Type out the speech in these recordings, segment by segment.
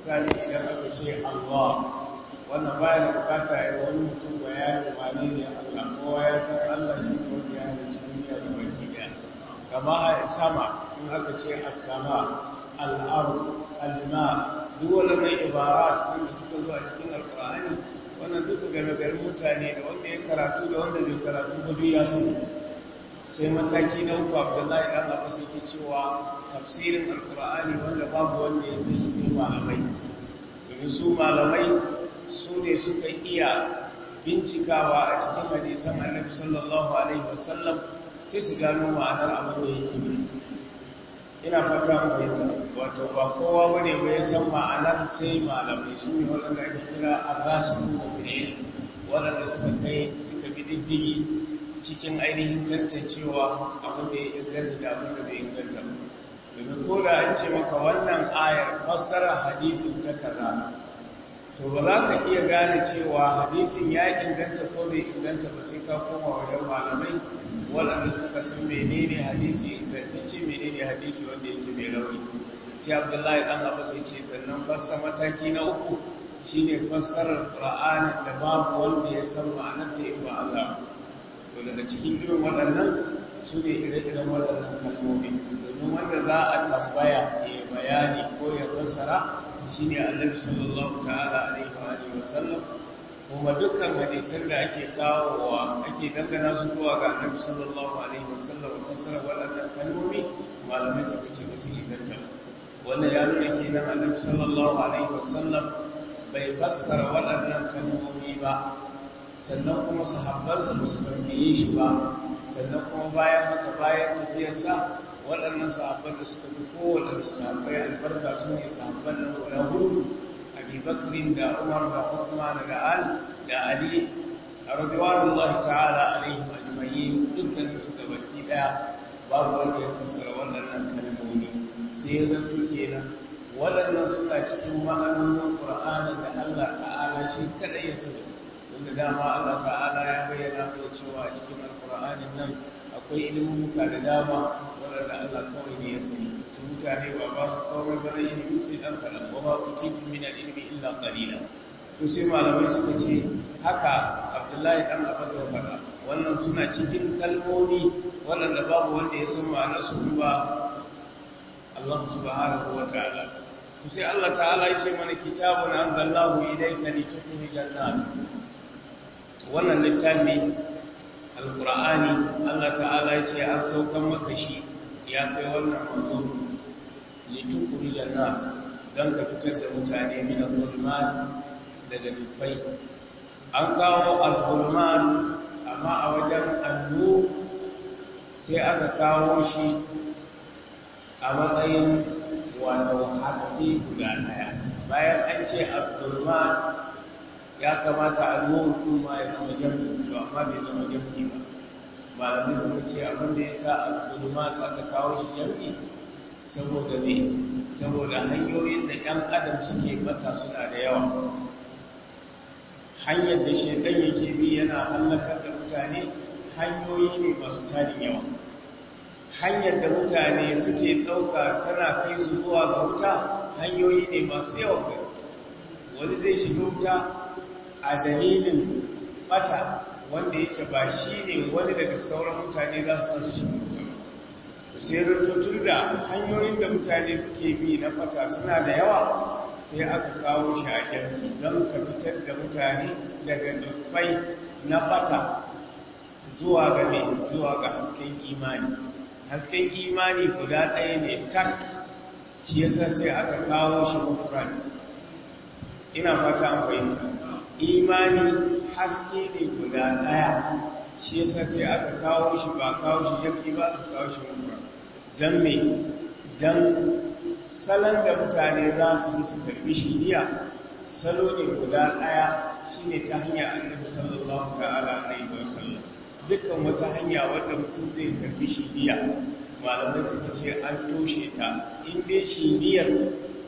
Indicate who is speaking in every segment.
Speaker 1: misali idan aka ce Allah wannan baya da bukata ya wani mutum bayanin wane ne Allah kowa ya san Allah shi ne wanda ya halicci duniya da baki daya kama a sama in aka ce asama sama al-ardu al duk wannan ibarat da suka zuwa cikin alkur'ani wannan duka game garin mutane da wanda ya karatu da wanda bai karatu ba duk ya sani sai mataki na uku abdullahi dan abbas ke cewa tafsirin alkur'ani wanda babu wanda ya sai shi sai malamai domin su malamai su ne suka iya bincikawa a cikin hadisan annabi sallallahu alaihi wasallam sai su gano ma'anar abin da yake ne ina fata mu fahimta wato ba kowa bane ba ya san ma'anar sai malamai su ne waɗanda ake kira arrasu ko ne wadanda suka kai suka bi diddigi cikin ainihin tantancewa abin da ya inganta da abin da bai inganta domin ko da an ce maka wannan ayar fassara hadisin ta kaza to ba za ka iya gane cewa hadisin ya inganta ko bai inganta ba sai ka koma wajen malamai waɗanda suka san menene hadisi ingantacce menene hadisi wanda yake mai rauni sai abdullahi dan abu sai ce sannan fassa mataki na uku shine fassarar qur'anin da babu wanda ya san ma'anar ta ba Allah to daga cikin irin waɗannan su ne ire-iren waɗannan kalmomi domin wanda za a tambaya ya bayani ko ya fassara shi ne annabi sallallahu ta'ala alaihi wa wa sallam kuma dukkan hadisan da ake kawowa ake dangana su zuwa ga annabi sallallahu alaihi wa sallam fassara waɗannan kalmomi malamai suka ce ba su inganta wanda ya nuna kenan annabi sallallahu alaihi wa sallam bai fassara waɗannan kalmomi ba sannan kuma sahabarsa ba su tambaye shi ba sannan kuma bayan haka bayan tafiyarsa waɗannan sahabban da suka fi kowane sahabbai albarka su ne sahabban na guda hudu da umar da usman da al da ali a rajuwarullahi ta'ala alaihi ajma'in dukkan su ga baki daya babu wanda ya fassara waɗannan kalmomi sai ya zanto kenan waɗannan suna cikin ma'anonin qur'ani da Allah ta'ala shi kadai ya sani da dama Allah ta'ala ya bayyana mana cewa a cikin alkur'anin nan akwai ilimin ilmumuka da dama wanda Allah kawai ne ya sani su mutane ba ba su kawai ba na ilimi sai ɗan kaɗan ba ba ku titin min ilimi illa ƙalila to sai malamai suka ce haka abdullahi ɗan abbas ya faɗa wannan suna cikin kalmomi waɗanda babu wanda ya san ma'ana ma'anarsu ba Allah subhanahu wa ta'ala sai Allah ta'ala ya ce mana kitabun anzalahu ilayka litukhrijan nas wannan littafi alkur'ani Allah ta'ala ce an saukan maka shi ya kai wannan manzo litukuri da nas don ka fitar da mutane min al daga dufai an kawo al amma a wajen allo sai aka kawo shi a matsayin wato haske guda daya bayan an ce al ya kamata a ruwan kuma ya zama jami'u to amma bai zama jami'u ba malamai suka ce abin da ya sa al'ulmat ka kawo shi jami'u saboda ne saboda hanyoyin da ɗan adam suke mata suna da yawa hanyar da shi ɗan yake bi yana hallakar da mutane hanyoyi ne masu tarin yawa hanyar da mutane suke ɗauka tana kai su zuwa ga wuta hanyoyi ne masu yawa gaske wani zai shiga wuta a dalilin bata wanda yake ba shi ne wani daga sauran mutane za su shi sai zartutun da hanyoyin da mutane suke bi na bata suna da yawa sai aka kawo shi a jami don ka fitar da mutane daga dubbai na bata zuwa ga ne zuwa ga hasken imani hasken imani guda ɗaya ne tak shi yasa sai aka kawo shi mufrad ina fata an fahimta imani haske ne guda daya shi yasa sai aka kawo shi ba kawo shi yaki ba aka kawo shi umra dan me dan salon da mutane za su bi su karbi shi niyya salo ne guda daya shine ta hanya annabi sallallahu ta'ala alaihi wasallam dukkan wata hanya wanda mutum zai karbi shi niyya malamai suka ce an toshe ta in dai shi niyyar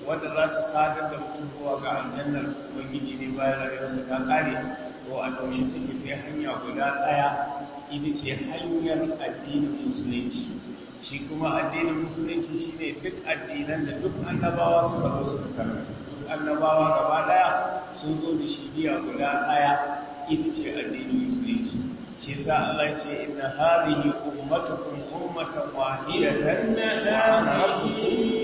Speaker 1: wadda za ta sadar da mutum zuwa ga aljannar ubangiji ne bayan rayuwarsa ta kare ko a taushe take sai hanya guda ɗaya ita ce hanyar addinin musulunci shi kuma addinin musulunci shine duk addinan da duk annabawa suka zo suka karanta duk annabawa gaba ɗaya sun zo da shiriya guda ɗaya ita ce addinin musulunci shi sa Allah ce inna hadhihi ummatukum ummatan wahidatan la ilaha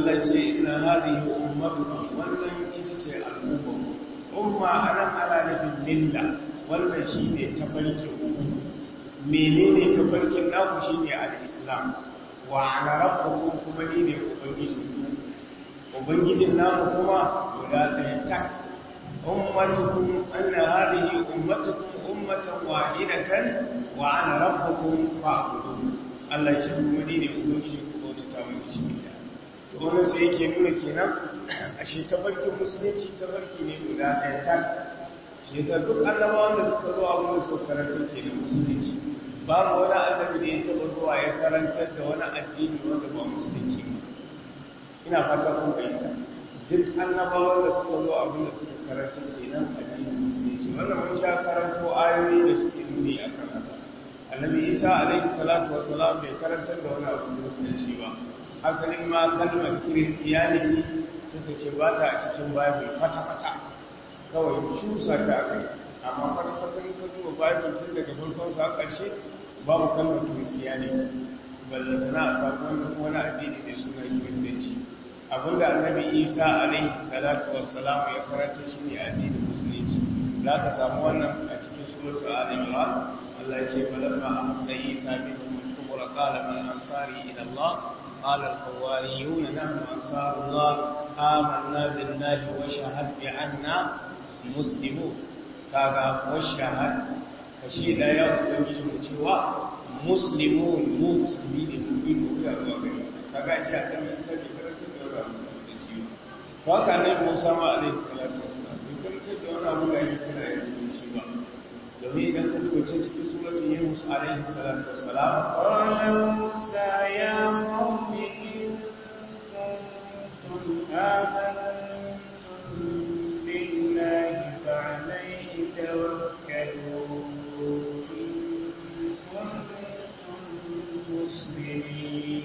Speaker 2: Allah ce na hadihi
Speaker 1: ummatukum wannan ita ce al'umma umma anan ala nufin milla wannan shine tafarkin menene tafarkin naku shine al-islam wa ala rabbukum kuma ne ubangiji ubangijin namu kuma guda ɗaya ta ummatukum anna hadihi ummatukum ummatan wahidatan wa ana rabbukum fa'budu Allah ce kuma ne ubangiji ku bauta ta mu shi wannan sai yake nuna kenan a shi tafarkin musulunci tafarki ne guda ɗaya ta shi yasa duk annabawan da suka zo a wurin karantar karanta kenan musulunci babu wani annabi da ya taɓa zuwa ya karantar da wani addini wanda ba musulunci ba ina fata kun fahimta duk annabawan da suka zo abin da suka karanta kenan addini musulunci wannan mun sha karanto ayoyi da suke nuni a kan haka annabi isa alaihi salatu wasalam bai karantar da wani abu da musulunci ba asalin ma kalmar kiristiyaniki suka ce ba ta a cikin bible fata-fata, kawai cusa ta kai amma fata-fata yi ka duba bible tun daga farkon sa ƙarshe babu kalmar christianity ballantana a sakon wani addini da suna kiristanci abinda annabi isa alaihi salatu wa salamu ya karanta shi ne addinin musulunci za ka samu wannan a cikin suratul a imran Allah ya ce balamma amsa isa man ansari ila Allah قال الحواريون نحن أنصار الله آمنا بالله وشهد بأننا مسلمون كاغا وشهد فشيدا يوم يجمع مسلمون مسلمين مؤمنون kaga shi a kan yin sabi karanta da wani abu da ta ciwo to haka ne musamman alaihi salatu wasu na bai karanta wani abu ya ba domin idan ka duba can cikin suratun yunus alaihi salatu wassalam qala
Speaker 2: musa ya qawmi in kuntum amantum billahi fa alayhi tawakkalu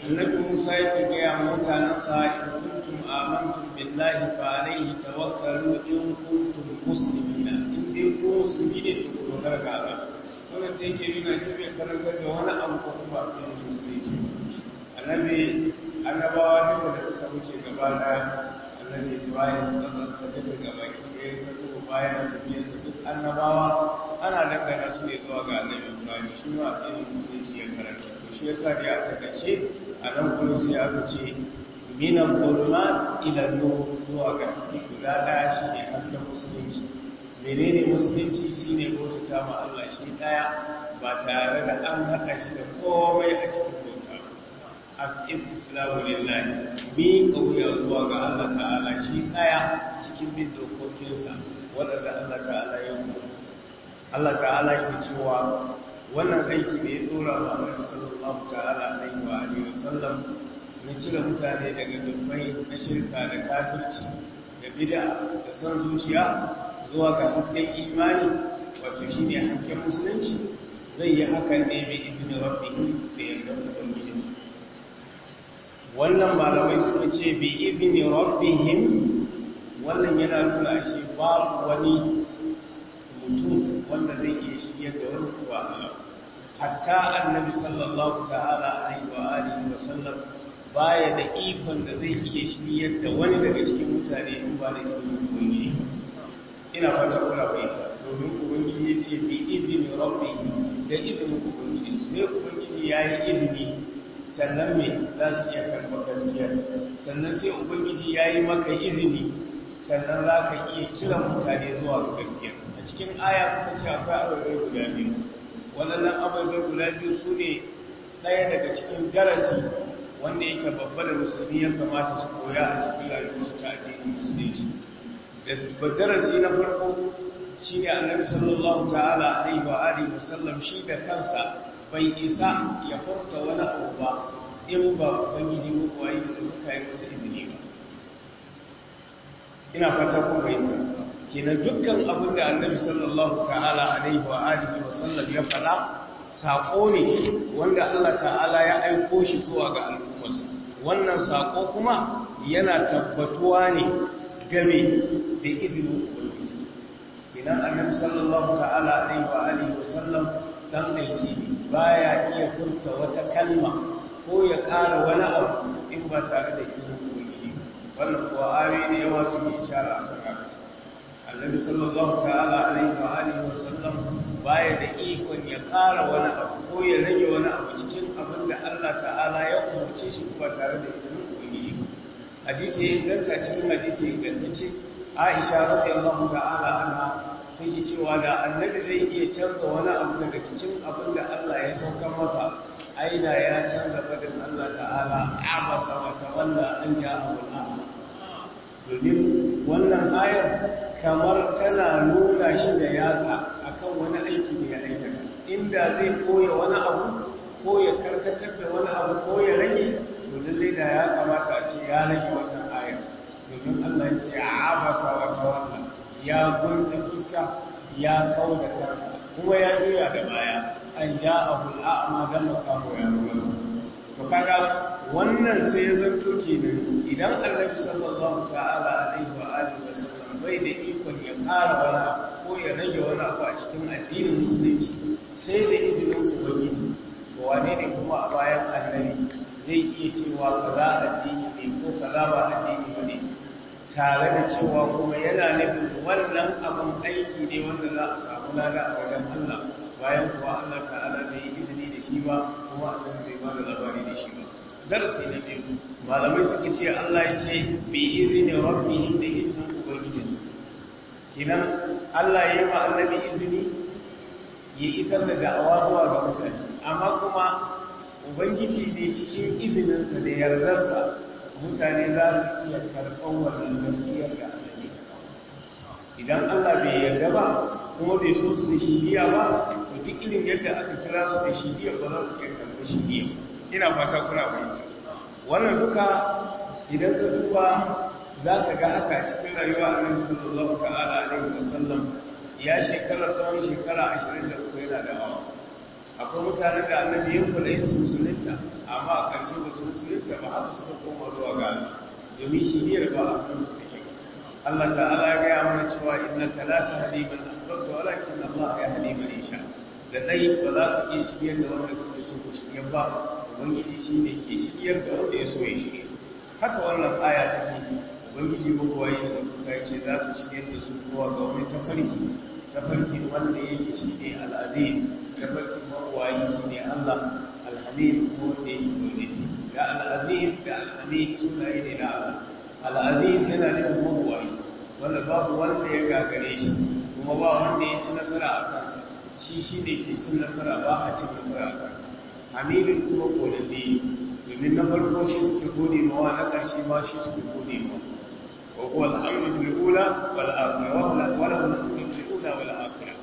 Speaker 2: annabi musa yake gaya mutanen sa in kuntum amantum
Speaker 1: billahi fa alayhi tawakkalu in kuntum muslimina in dai ku musulmi ne to dogara ga Allah sai ke nuna shi bai karanta da wani abu ko kuma a cikin musulunci annabi annabawa duka da suka wuce gaba da annabi Ibrahim sallallahu alaihi wasallam gaba ki ne sai bayan tafiya sa duk annabawa ana dangana su ne zuwa ga annabi Ibrahim shi ma a cikin musulunci ya karanta to shi yasa da ya takace a nan gurin sai aka ce min al ila nur zuwa ga haske guda daya shi ne hasken musulunci menene musulunci shine bauta ma Allah shi daya ba tare da an haka shi da komai a cikin bauta al-istislamu lillahi bi kauya zuwa ga Allah ta'ala shi daya cikin bin dokokinsa waɗanda Allah ta'ala ya yi Allah ta'ala ya ce cewa wannan aiki ne ya tsora wa Annabi sallallahu ta'ala alaihi wa alihi wasallam na cire mutane daga dubbai na shirka da kafirci da bid'a da san zuciya zuwa ga hasken imani wato shi ne hasken musulunci zai yi hakan ne mai izinin rabbi da ya zama ubangijin wannan malamai suka ce bi izinin rabbihim wannan yana nuna shi ba wani mutum wanda zai iya shirya da wani kuwa hatta annabi sallallahu ta'ala alaihi wa alihi wa sallam baya da ikon da zai iya shiryar da wani daga cikin mutane in ba da izinin ubangiji ina fata kuna fahimta domin ubangiji ya ce bi izini rabbi da izinin ubangiji sai ubangiji ya yi izini sannan me za su iya karɓar gaskiya sannan sai ubangiji ya yi maka izini sannan za ka iya kiran mutane zuwa ga gaskiya a cikin aya suka ce akwai ababai guda biyu waɗannan ababai guda biyu su ne ɗaya daga cikin darasi wanda yake babba da musulmi ya kamata su koya a cikin su ta addinin musulunci da darasi na farko shi ne annabi sallallahu ta'ala alaihi wa alihi wasallam shi da kansa bai isa ya furta wani abu ba in ba ubangiji ko kuwa da muka yi masa izini ba ina fata ku bayyana kenan dukkan abin da annabi sallallahu ta'ala alaihi wa alihi wasallam ya fara sako ne wanda Allah ta'ala ya aiko shi zuwa ga al'ummarsa wannan sako kuma yana tabbatuwa ne game da izinin ubangiji kenan annabi sallallahu ta'ala alaihi wa alihi wa sallam dan aiki baya iya furta wata kalma ko ya ƙara wani abu in ba tare da izinin ubangiji wannan kuwa ayoyi da yawa suke ishara a kan haka annabi sallallahu ta'ala alaihi wa alihi wa sallam baya da ikon ya ƙara wani abu ko ya rage wani abu cikin abin da Allah ta'ala ya umarce shi ba tare da hadisi ya inganta cikin hadisi ingantacce aisha radiyallahu ta'ala anha ta yi cewa da annabi zai iya canza wani abu daga cikin abin da Allah ya sauka masa aida ya canza fadin Allah ta'ala basa wata wanda an ja ja'a wal domin wannan ayar kamar tana nuna shi da yatsa akan wani aiki da ya aikata inda zai koya wani abu ko ya karkatar da wani abu ko ya rage to da ya kamata a ce ya rage wannan ayar domin Allah ya ce abasa wa wannan, ya gunta fuska ya kawo da kansa kuma ya juya da baya an ja'ahu al'ama dan makamu ya ruwa to kaga wannan sai ya zanto kenan idan annabi sallallahu ta'ala alaihi wa alihi wa sallam bai da ikon ya kara wani ko ya rage wani abu a cikin addinin musulunci sai da izinin ubangiji to wane ne kuma a bayan annabi zai iya cewa kaza addini ne ko kaza ba addini ba ne tare da cewa kuma yana nufin wannan abin aiki ne wanda za a samu lada a wajen Allah bayan kuwa Allah ta'ala bai yi izini da shi ba kuma Allah bai ba labari da shi ba darasi na biyu malamai suka ce Allah ya ce bi izini rabbi da izinin ubangijinsa kenan Allah ya yi ma annabi izini ya isar da da'awa zuwa ga mutane amma kuma ubangiji ne cikin izininsa da yardarsa mutane za su iya karɓar wannan gaskiyar da Allah idan Allah bai yarda ba kuma bai so su da shidiya ba to duk ilin yadda aka kira su da shidiya ba za su iya karɓa shidiya ina fata kuna fahimta wannan duka idan ka duba za ka ga haka cikin rayuwa a nan sallallahu ta'ala alaihi wasallam ya shekara tsawon shekara ashirin da kuma yana da awa akwai mutane da annabi ya kula yin su musulunta amma a ƙarshe ba su musulunta ba haka suka koma zuwa ga domin shi ne ba a kan su take Allah ta'ala ya gaya mana cewa innaka la tahdi man ahbabta walakin Allah ya hadi man yasha da dai ba za ka iya shiryar da wanda kake so ku shiryar ba ubangiji shi ne ke shiryar da wanda ya so ya shirye haka wannan aya take ubangiji ba kuwa yin da ya ce za ka shiryar da su kowa ga wani tafarki tafarki wanda yake shi ne al'aziz tafarki mabuwayi ne Allah al ko da yake ga al-Aziz ga al-Hamid sunaye ne na Allah al yana nufin wanda babu wanda ya gagare shi kuma ba wanda ya ci nasara a kansa shi ne ke cin nasara ba a cin nasara a kansa Hamidin kuma kodade domin na farko shi suke gode mawa na ƙarshe ma shi suke gode mawa وهو الحمد الأولى والآخرة وله الحمد الأولى والآخرة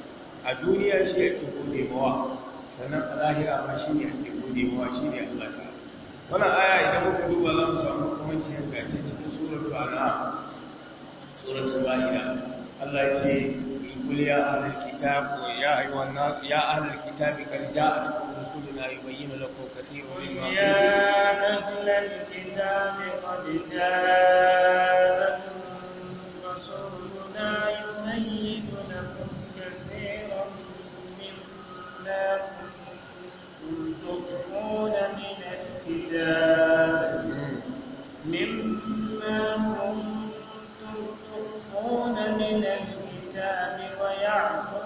Speaker 1: الدنيا شيء تقول مواقف sannan a zahira ba shi ne ake godewa shi ne Allah ta wannan aya idan muka duba za mu samu kamanciyar ta ce cikin suratul an'am suratul ma'ida Allah ya ce kul ya ahlul kitab ya ayyuhan nas ya ahlul kitab qad ja'atkum rusuluna yubayyinu lakum kathiran mimma ya ahlul
Speaker 2: kitab qad ja'atkum rusuluna
Speaker 1: yubayyinu
Speaker 2: lakum katsiran mimma تخفون من الكتاب مما كنتم من الكتاب ويعفو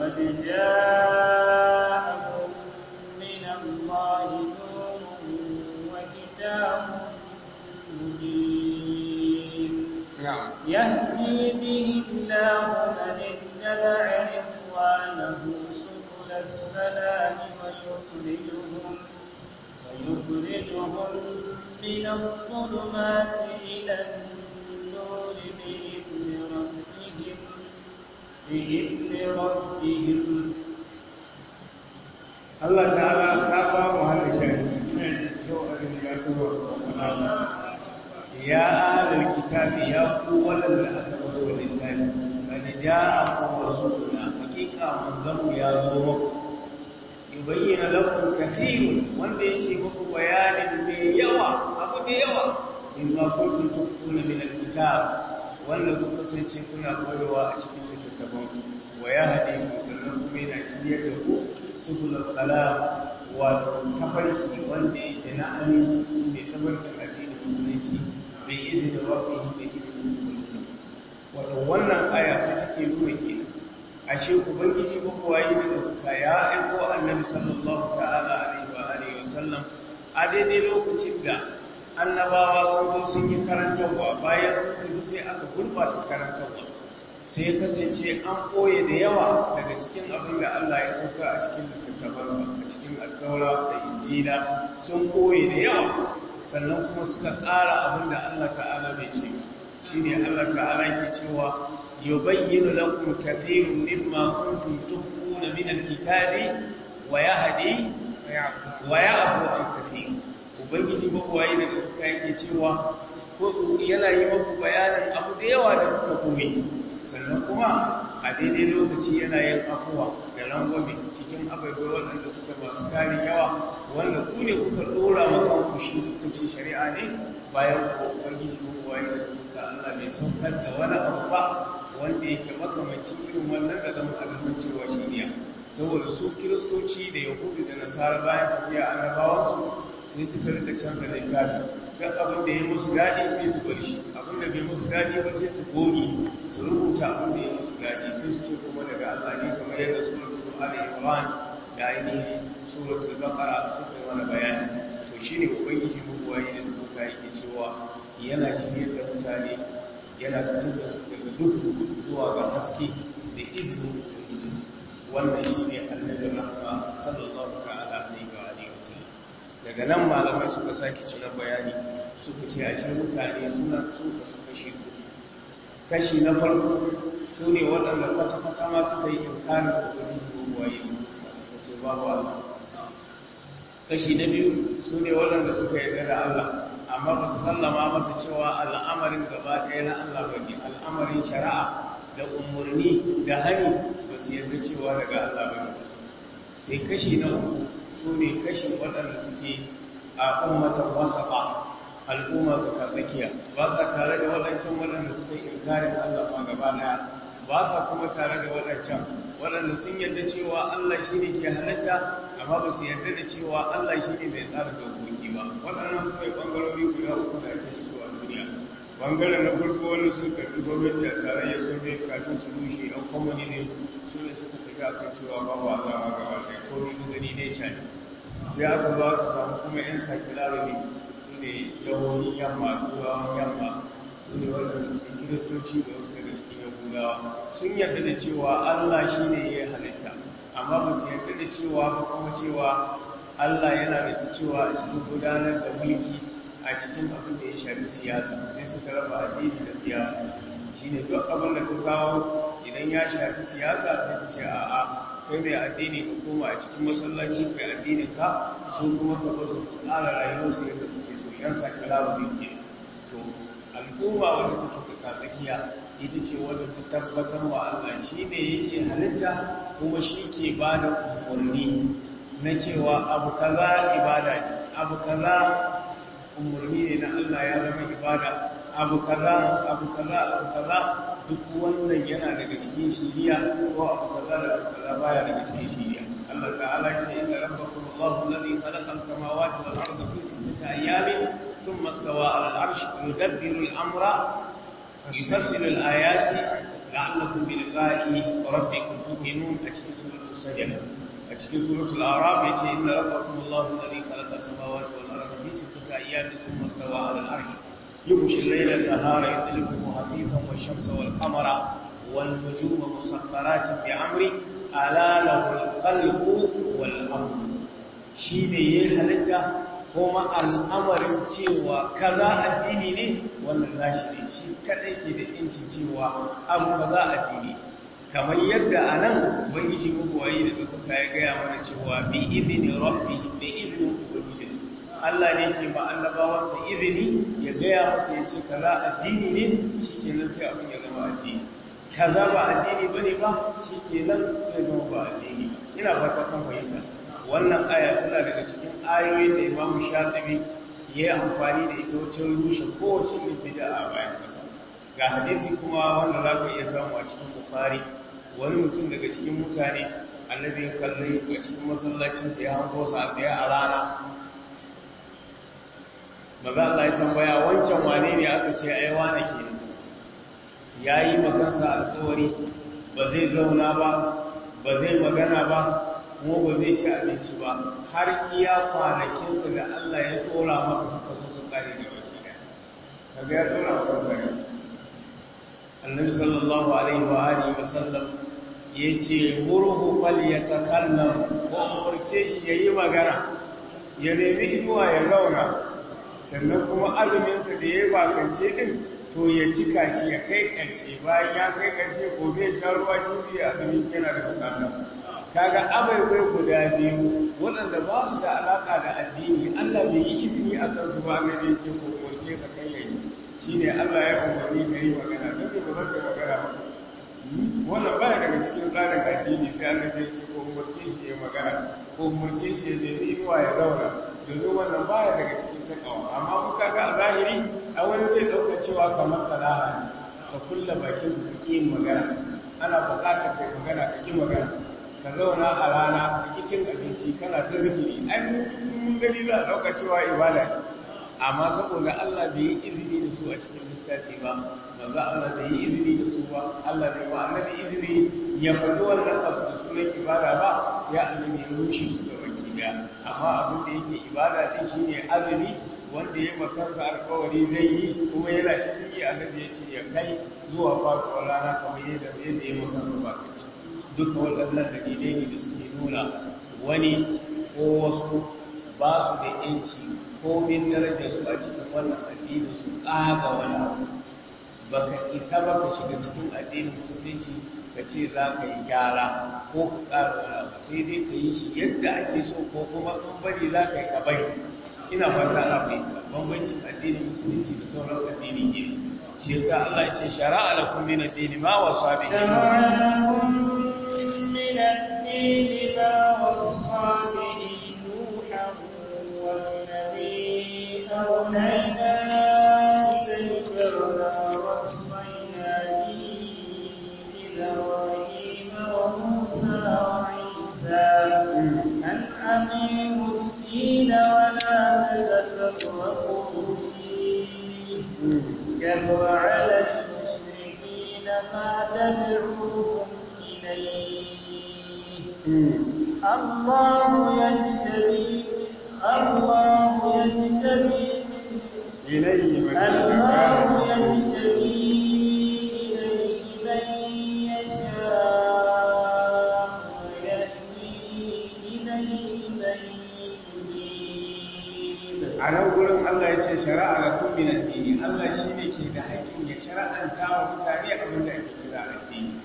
Speaker 2: قد جاءكم من الله وكتاب مبين نعم. يهدي به الله من اتبع السلام ويخرجهم ويخرجهم من الظلمات إلى النور بإذن ربهم بإذن ربهم الله تعالى تابع وهل شيء
Speaker 1: يا أهل الكتاب يا قوة للأثبت والإنسان قد جاءكم رسولنا حقيقة منذر يا ذو yubayyana lakum kathirun wanda yake muku bayanin mai yawa abu mai yawa mimma kuntum tukuna min alkitab wanda ku kasance kuna koyowa a cikin littattafan wa ya hade ku sannan kuma na kiyar da ku subul salam wato tafarki wanda yake na aminci
Speaker 2: ne tafarkin addinin musulunci bai izini da wafi da izinin
Speaker 1: wato wannan aya sai take nuna kenan a ce ubangiji ko kuwa yi da kuka ya aiko annabi sallallahu ta'ala alaihi wa alihi wa sallam a daidai lokacin da annabawa sun zo sun yi karantarwa bayan sun tafi sai aka gurbata karantarwa sai ya kasance an koye da yawa daga cikin abin da Allah ya sauka a cikin littattafansa a cikin attaura da injina sun koye da yawa sannan kuma suka ƙara abin da Allah ta'ala bai ce shi Allah ta'ala ke cewa yubayyinu lakum katsirin mimma kuntum tukuna min waya wa yahdi wa ya'fu an katsirin ubangiji kuma yana da kuka yake cewa ko yana yi muku bayanin abu da yawa da kuka kuma a daidai lokaci yana yin afuwa da rangwame cikin abubuwa waɗanda suka masu tarin yawa wanda ku ne kuka ɗora maka kushi hukuncin shari'a ne bayan kokon giji kuwa ya kuka Allah mai saukar da wani abu ba wanda yake makamancin irin wannan da zama alamun cewa shi ne saboda su kiristoci da yahudu da nasara bayan tafiya annabawansu sai suka rika canza littafi duk abin da ya musu daɗi sai su bar shi abin da bai musu daɗi ba sai su goge su rubuta abin da ya musu daɗi sai su ce kuma daga Allah ne kamar yadda su Ali Imran da ainihin suratul Baqara suka yi wani bayani to shi shine ubangiji mabuwayi da duka yake cewa yana shirya da mutane yana fitar daga duk zuwa ga haske da izinin ubangiji wannan shine annabi rahma sallallahu ta'ala alaihi wa alihi wasallam daga nan malamai suka sake cina bayani suka ce a cikin mutane suna suka su kashi kashi na farko su ne waɗanda kwata-kwata ma suka yi inkarin ubangiji wayo suka ce babu Allah kashi na biyu su ne waɗanda suka yarda da Allah amma ba su sallama masa cewa al'amarin gaba ɗaya na Allah ba ne al'amarin shari'a da umarni da hani ba su yarda cewa daga Allah ba ne sai kashi na uku su ne kashi waɗanda suke a ummatan wasaɓa al'umma tsakiya ba sa tare da waɗancan waɗanda suke yi inkarin Allah ma gaba ɗaya ba sa kuma tare da wadancan waɗanda sun yarda cewa Allah shi ne ke halatta amma ba su yarda da cewa Allah shi ne mai tsara dokoki ba waɗannan su kai ɓangarori guda uku da ake su a duniya ɓangare na farko wani sun karɓi gwamnati a tarayyar soviet kafin su rushe ɗan ne su ne suka ci kan cewa babu za a gaba ɗaya ko ni gani ne can sai aka ba ka samu kuma 'yan sakilarizi su ne jihohin yamma turawan yamma su ne waɗanda suke kiristoci da wasu ga sun yadda da cewa allah shi ne ya halitta amma ba su yadda da cewa ba kuma cewa allah yana da cewa a cikin gudanar da mulki a cikin abin da ya shafi siyasa sai suka raba addini da siyasa shi ne duk abin da ka kawo idan ya shafi siyasa sai su ce a'a kai mai addini ka koma a cikin masallaci kai addinin ka su kuma ka basu tsara rayuwarsu yadda suke so yan sakala ba zai ke to al'umma wani ta ka tsakiya ita ce wadda ta tabbatar wa Allah shi ne yake halitta kuma shi ke ba da umarni na cewa abu kaza ibada ne abu kaza umarni ne na Allah ya zama ibada abu kaza abu kaza abu kaza duk wannan yana daga cikin shiriya ko abu kaza da abu kaza baya daga cikin shiriya Allah ta'ala ce inna rabbakum Allahu alladhi khalaqa as-samawati wal arda fi sittati ayamin thumma istawa 'ala al-'arshi yudabbiru al-amra يفصل الآيات لعلكم بلقاء ربكم تؤمنون أتكي سورة السجن أتكي سورة الأعراب يتي إن ربكم الله الذي خلق السماوات والأرض في ستة أيام ثم استوى على العرش يغشي الليل النهار يطلبه حثيثا والشمس والقمر والنجوم مسخرات بأمره ألا له القلب والأمر شيء يهلكه kuma al'amarin cewa kaza addini ne wannan shi ne shi kadai ke da inci cewa abu kaza addini kamar yadda a nan ubangiji mabuwayi da duka ya gaya mana cewa bi izini rafi da izini ubangiji Allah ne ke ba annabawansa izini ya gaya masa ya ce kaza addini ne shi ke nan sai abin ya zama addini kaza ba addini ba ne ba shi ke nan sai zama ba addini ina fata kan fahimta wannan aya tana daga cikin ayoyin da imamu shafi ya yi amfani da ita wajen rushe kowace irin a bayan kasa ga hadisi kuma wanda za ka iya samu a cikin bukari wani mutum daga cikin mutane annabi ya kalli a cikin masallacinsa ya hango sa a tsaye a rana maza a ya tambaya wancan wane ne aka ce ai wane ke ya yi makansa alkawari ba zai zauna ba ba zai magana ba kuma ba zai ci abinci ba har iya kwanakinsa da Allah ya tsora masa suka zo su kare da baki da kaga ya tsora wa kansa annabi sallallahu alaihi wa alihi wa sallam yace murhu fal yatakallam ko umurce shi yayi magana ya nemi inuwa ya zauna sannan kuma azuminsa da ya bakance din to ya cika shi ya kai ƙarshe bayan ya kai ƙarshe gobe ya sha ruwa jibi a yana da bukata kaga abaibai guda biyu waɗanda ba su da alaƙa da addini Allah bai yi izini a kan su ba ga ne ce ko umarce sa kai yayi shine Allah ya umarni ka yi magana duk da ba da magana ba wannan daga cikin tsarin addini sai Allah zai ce ko umarce shi ya magana ko umarce shi ya yi wa ya zauna yanzu wannan ya daga cikin takawa amma mu kaga a zahiri a wani zai dauka cewa kamar sana'a ne ka kulla bakin ku ƙi magana ana buƙatar kai magana ka ƙi magana ka zauna a rana a cikin abinci kana ta zikiri ai gani za a ɗauka cewa ibada ne amma saboda Allah bai yi izini da su a cikin littafi ba manzo Allah bai yi izini da su ba Allah bai wa annabi izini ya faɗi wannan abu da sunan ibada ba sai annabi ya rushe su da baki amma abin da yake ibada ɗin shine azumi wanda ya makarsa alkawari zai yi kuma yana cikin yi annabi ya ce ya kai zuwa faɗuwar rana kamar yadda ya makansa ba duka waɗannan dalilai ne da suke nuna wani ko wasu ba su da yanci ko min darajarsu a cikin wannan addinin su ƙaga wani abu ba ka isa ba ka shiga cikin addinin musulunci ka ce za ka yi gyara ko ka ƙara wani abu sai dai ka yi shi yadda ake so ko kuma in bari za ka yi ka bari ina fata na fahimta bambancin addinin musulunci da sauran addini ne shi yasa Allah ya ce shara'a lakum min ad-din ma wasa bihi
Speaker 2: يأتي بما وصى به نوحا والذي أوحينا إليك وما وصينا به إبراهيم وموسى وعيسى أن أقيموا الدين ولا تتفرقوا فيه كبر على المشركين ما تدعوهم إليه الله يجتبي الله يجتبي
Speaker 1: إليه من الله يجتبي
Speaker 2: إليه من يشاء ويهدي
Speaker 1: إليه من ينيب على قول الله يشاء شرع لكم من الدين الله شيء كده حكم يشرع أن تعرف تاريخ من الدين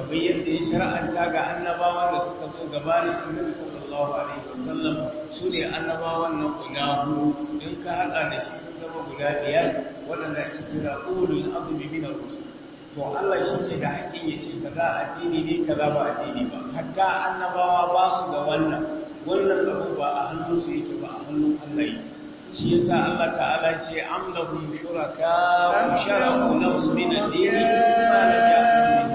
Speaker 1: kamar yadda ya shara'anta ga annabawa da suka zo gabanin annabi sallallahu alaihi wasallam su ne annabawan nan guda hudu in ka haɗa da shi sun zama guda biyar waɗanda ake kira ulul azumi min ar-rusul to Allah shi ke da hakkin ya ce kaza addini ne kaza ba addini ba hatta annabawa ba su ga wannan wannan abu ba a hannun su yake ba a hannun Allah yake shi yasa Allah ta'ala ce am lahum shuraka wa shara'u lahum min ad-din ma lam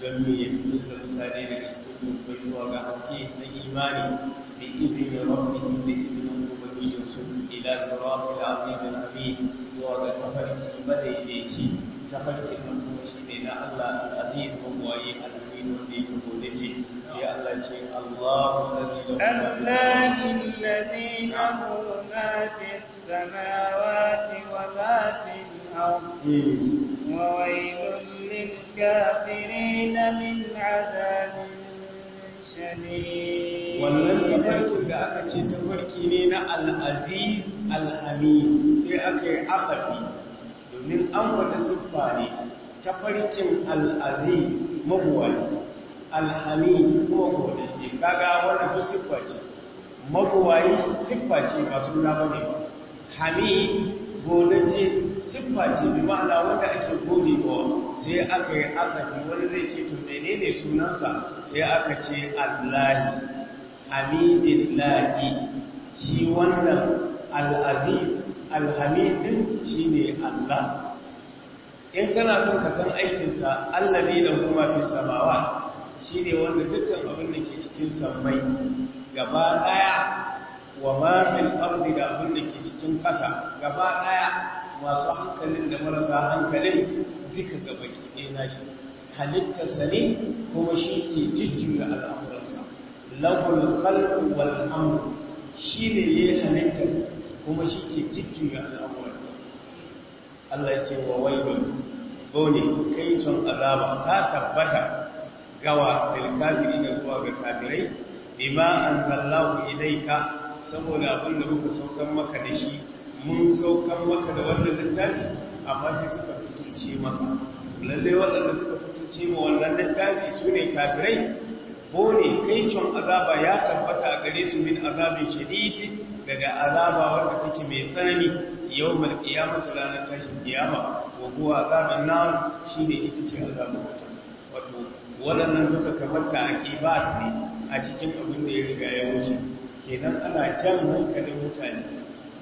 Speaker 1: don me ya fitar mutane daga cikin dubbai zuwa ga haske na imani da izinin rabbihim da izinin ubangijinsu ila siratul azizul hamid zuwa ga tafarki madaidaici tafarki nan kuma shi ne na Allah al-aziz mabwayi al-hamid wanda yake godace sai Allah ce Allahu alladhi lahu ma
Speaker 2: zina samawati wa ma fil ardi hmm. wa waylun للكافرين من عذاب شديد wannan
Speaker 1: tafarkin da aka ce tafarki ne na al'aziz al'amid sai aka yi ababi domin an wata siffa ne tafarkin al'aziz mabuwani al'amid kuma kodace gaga wanda ku siffa ce mabuwayi siffa ce ba suna ba ne hamid godace siffa ce bi ma'ana wanda ake gode ba sai aka yi azafi wani zai ce to ne sunansa sai aka ce allahi la'i shi wannan al'aziz alhamidin shi ne allah in kana son ka san aikinsa Allah ne da kuma fi samawa shi ne wanda dukkan abin da ke cikin samai gaba ɗaya wa ma fil ardi da abin da ke cikin ƙasa gaba ɗaya masu hankalin da marasa hankalin duka gaba ki ɗaya na shi halittarsa ne kuma shi ke jujjuya al'amuransa lahul khalqu wal amr shi ne yayi halitta, kuma shi ke jujjuya al'amuransa Allah ya ce wa wailun kai kaiton azaba ta tabbata gawa lil da kuwa ga kafirai bima anzalallahu ilayka saboda abin da muka saukan maka da shi mun saukan maka da wannan littafi amma sai suka fitoce masa lallai waɗanda suka fitoce ma wannan littafi su ne kafirai ko ne kaicin azaba ya tabbata a gare su min azabin shadidi daga azaba wanda take mai tsanani yau mal kiyamata ranar tashin kiyama wa kuwa azabin nan shi ne ita ce azabin wata wato waɗannan duka kamar ta aƙibat ne a cikin abin da ya riga ya wuce kenan ana jan hankalin mutane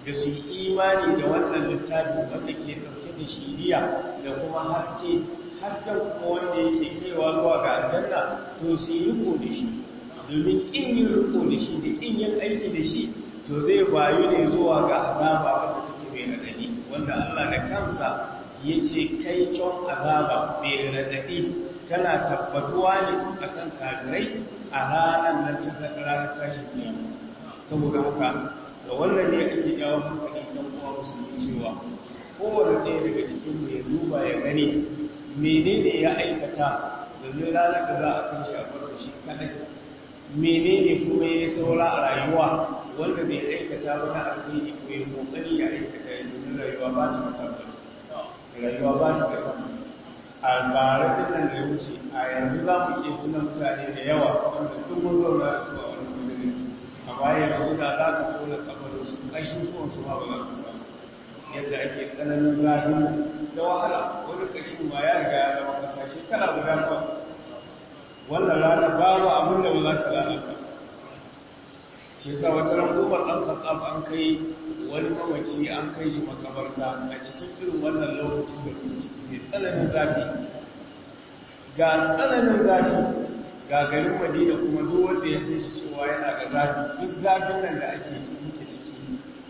Speaker 1: da su imani da wannan littafin wanda ke ɗauke da shiriya da kuma haske hasken kuma wanda yake kaiwa zuwa ga aljanna to su yi riko da shi domin ƙin yin riko da shi da ƙin yin aiki da shi to zai bayu ne zuwa ga azaba wanda take mai raɗaɗi wanda Allah da kansa ya ce kai con azaba mai raɗaɗi tana tabbatuwa ne akan kafirai a ranar nan ta ranar tashin kiyama saboda haka da wannan ne ake jawo hankali don kuma musulmi cewa kowane ɗaya daga cikin ya duba ya gani menene ya aikata domin ranar da za a kan shi a farsa shi kaɗai menene kuma ya saura a rayuwa wanda bai aikata ba na alheri ko ya kokari ya aikata ya domin rayuwa ba ta tabbas rayuwa ba ta tabbas a bara nan da ya wuce a yanzu za mu iya tuna mutane da yawa wanda duk mun zauna da wani bayan rahuda za ka tona kabarin su kashin suwan su ba ba za ka samu yadda ake tsananin zafin da wahala wani kashin ba ya riga ya zama kasashe kala guda ba
Speaker 2: wannan rana babu abin da ba za ta lalata
Speaker 1: shi yasa wata ran gobar ɗan katsaf an kai wani mamaci an kai shi makabarta a cikin irin wannan lokacin da kuma cikin mai tsananin zafi ga tsananin zafi ga garin madina kuma duk wanda ya san shi cewa yana ga zafi duk zafin nan da ake ciki ke ciki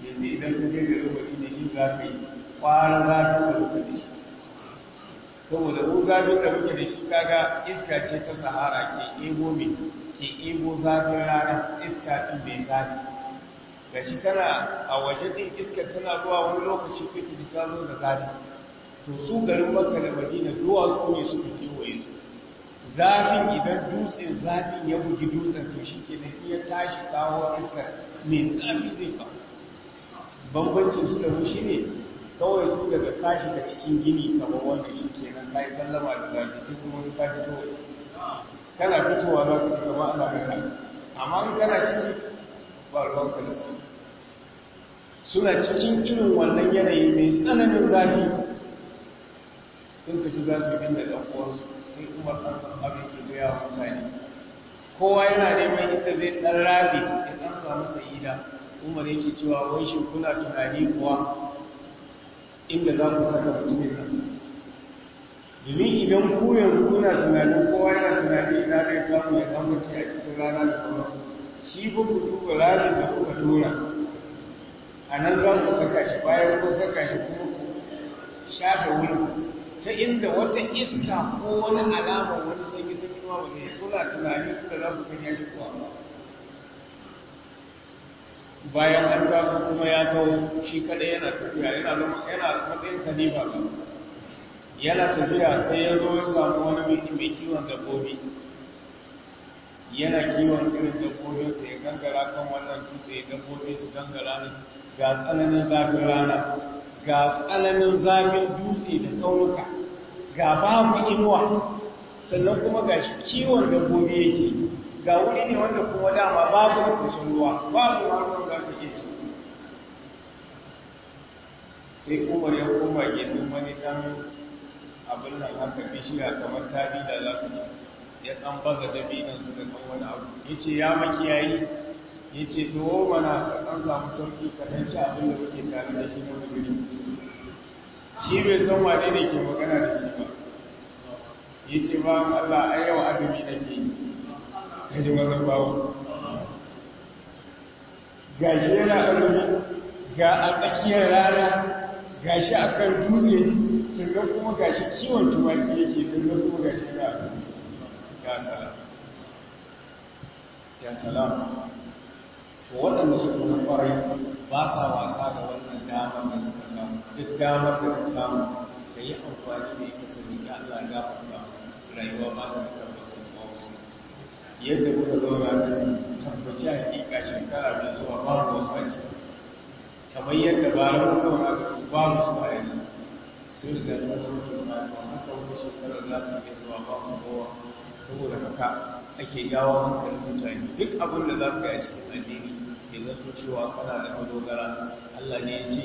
Speaker 1: yanzu idan ka je garin madina shi za ka yi kwara zafin da muka da shi saboda ko zafin da muka da shi kaga iska ce ta sahara ke ego min ke ego zafin rana iska ɗin mai zafi ga shi tana a waje ɗin iska tana zuwa wani lokaci sai ki ta zo da zafi to su garin makka da madina duwatsu ne suka kewaye su zafin idan dutsen zafin ya bugi dutsen to shi ke na iya tashi kawo iska mai zafi zai ba bambancin su da mu ne kawai su daga kashi da cikin gini kamar wanda shi ke nan kai sallama da zafi sai kuma wani ka fito kana fitowa za ka fito ba ana kasa amma in kana ciki ba ruwan ka nisa suna cikin irin wannan yanayi mai tsananin zafi sun tafi za su bin da ɗan uwansu sai umar ɗan khattab yake gaya wa mutane
Speaker 2: kowa yana neman inda zai ɗan rabi in an samu sa'ida
Speaker 1: umar yake cewa wai shi kuna tunani kuwa inda za ku saka mutumin nan domin idan ku yanzu kuna tunani kowa yana tunani ina zai samu ya samu a cikin rana da sauran shi ba ku duba ramin da kuka tura a nan za ku saka shi bayan ku saka shi kuma ku shafe wuri. ta inda wata iska ko wani alama wani sanyi sanyi ma ba zai kula tunani da za ku san ya kuwa ba bayan an taso kuma ya taho shi kadai yana tafiya yana zama yana kalifa ba yana tafiya sai ya zo ya samu wani mai kiwon dabbobi yana kiwon irin dabbobinsa ya gangara kan wannan dutse dabbobi su gangara ga tsananin zafin rana ga tsananin zafin dutse da tsaunuka ga babu inuwa sannan kuma ga shi kiwon gobe yake ga wuri ne wanda kuma dama babu isasshen ruwa babu ruwan za ka iya sai umar ya koma gindin wani dan abin da haka bishiya kamar tabi da lafi ya dan baza dabinansa da kan wani abu ya ce ya makiyayi ya ce to mana ka ɗan samu sauki ka ɗan ci abin da kuke tare da shi na bujiri shi bai san wane ne ke magana da shi ba ya ce ba Allah a yau azumi nake ke, ka ji mazan bawo ga shi yana azumi ga a tsakiyar rana ga shi a kan dutse sun ga kuma ga shi kiwon tumaki yake sun ga kuma ga shi ga salam
Speaker 2: ya salam
Speaker 1: to waɗanda suka na ƙwarai ba sa wasa da wannan damar da suka samu duk damar da ka samu da yi amfani da ita ka riƙe Allah ya gafarta rayuwa ba ta da
Speaker 2: yadda kuka zaura da tabbaci
Speaker 1: hakika shekara da zuwa mu wasu aiki kamar yadda bayan kawai ba mu su a yanzu
Speaker 2: sai da zama
Speaker 1: da haka wata shekara za ta iya zuwa babu kowa saboda haka ake jawo hankalin mutane duk abin da za ka yi a cikin addini ya zanto cewa kana da madogara Allah ne ya ce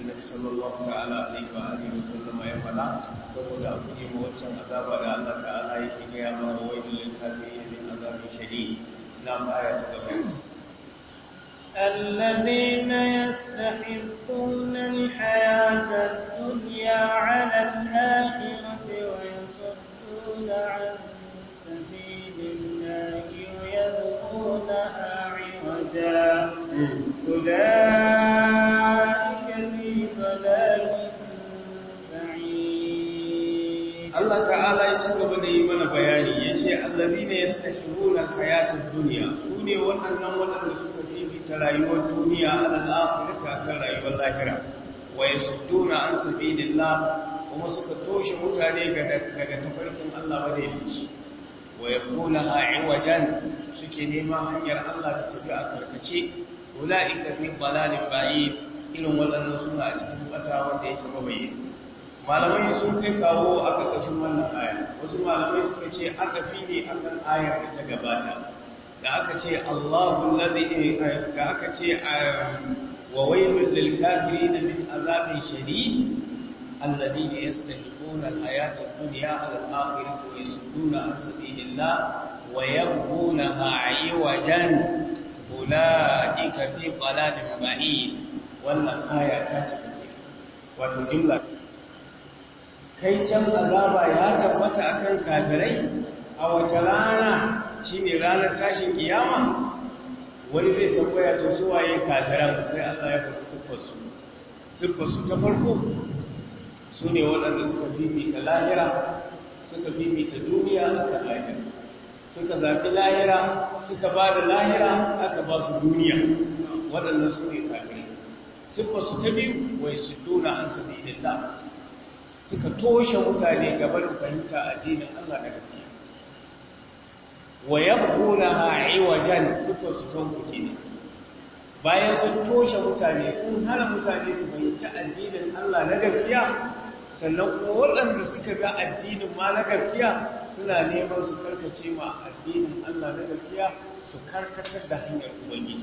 Speaker 1: annabi sallallahu ta'ala alaihi wa alihi wa sallama ya fada saboda a guje ma waccan azaba da Allah ta'ala yake ga ya mana wailul lil kafirin min azabin shadid na aya ta gaba
Speaker 2: الذين يستحبون الحياة الدنيا على الآخرة ويصدون عن Allah
Speaker 1: ta'ala ya ci gaba da yi mana bayani ya ce allari ne ya stafi runa hayatun duniya su ne waɗannan waɗanda suka fi ta rayuwar duniya a ta rayuwar lahira waye su duna an sabi kuma suka toshe mutane daga tafarkin allah wadda wa yakuna aiwajan suke neman hanyar Allah ta tafi a karkace ulaika fi dalalin ba'id irin waɗannan suna a cikin wata wanda yake mabayi malamai sun kai kawo a ƙarƙashin wannan aya wasu malamai suka ce aka fi ne akan ayar da ta gabata da aka ce Allahu ladhi da aka ce wa waylul lil kafirin min azabin shadid alladhina yastahiqun يؤثرون الحياة الدنيا على الآخرة ويصدون عن سبيل الله ويبغونها عوجا أولئك في ضلال بعيد wannan aya ta tabbata wato jumla kai can azaba ya tabbata kan kafirai a wata rana shine ranar tashin kiyama wani zai tambaya to su waye kafiran sai Allah ya faɗi siffar su su ta farko su ne waɗanda suka fifita lahira suka fifita duniya aka lahira suka zafi lahira suka ba da lahira aka ba su duniya Waɗanda su ne kafin siffa su ta biyu wai su duna an sabi lillah suka toshe mutane gaban fahimta addinin Allah da gaskiya
Speaker 2: wa yabghunaha iwajan
Speaker 1: siffa su ta uku bayan sun toshe mutane sun hana mutane su fahimci addinin Allah na gaskiya sannan waɗanda suka ga addinin ma na gaskiya suna neman su karkace ma addinin Allah na gaskiya su karkatar da hanyar ubangi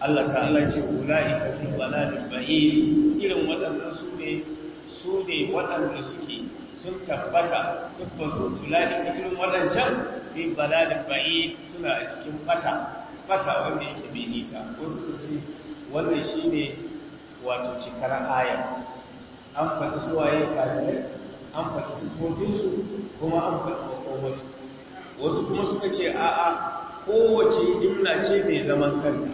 Speaker 2: Allah ta'ala ce ulaika fi dalalin ba'id
Speaker 1: irin waɗannan su ne su ne waɗanda suke sun tabbata sun bazu ulaika irin waɗancan fi dalalin ba'id suna a cikin bata bata wanda yake bai nisa wasu ce wannan shine wato cikar ayar an faɗi suwaye kafirai an faɗi sifofinsu kuma an faɗi makomarsu wasu kuma suka ce a'a kowace jimla ce mai zaman kanta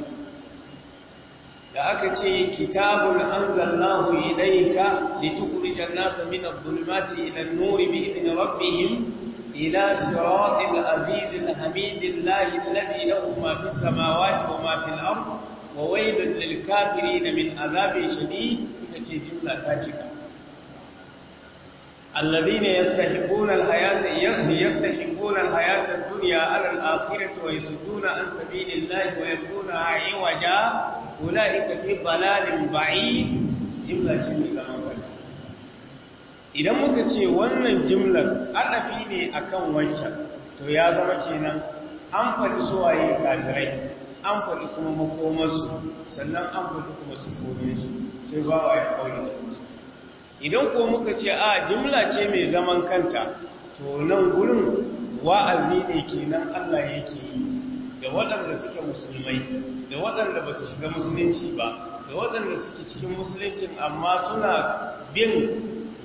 Speaker 1: da aka ce kitabun an zallahu ilaika litukurijan nasa min abdulmati ila nuri bi idin rabbihim ila siratil azizil hamidin lahi alladhi na ma fis samawa wa ma fil ard wa waylun lil kafirin min azabin shadid suka ce jimla ta cika الذين يستحقون الحياة يستحقون الحياة الدنيا على الآخرة ويصدون عن سبيل الله ويبغونها عوجا أولئك في ضلال بعيد جملة جملة idan muka ce wannan jimlar adafi ne akan wancan to ya zama kenan an faɗi suwaye kafirai an faɗi kuma makomarsu sannan an faɗi kuma sukoninsu sai bawa ya kaure su idan ko muka ce a jimla ce mai zaman kanta to nan gurin wa'azi ne kenan Allah yake yi da waɗanda suke musulmai da waɗanda ba su shiga musulunci ba da waɗanda suke cikin musuluncin amma suna bin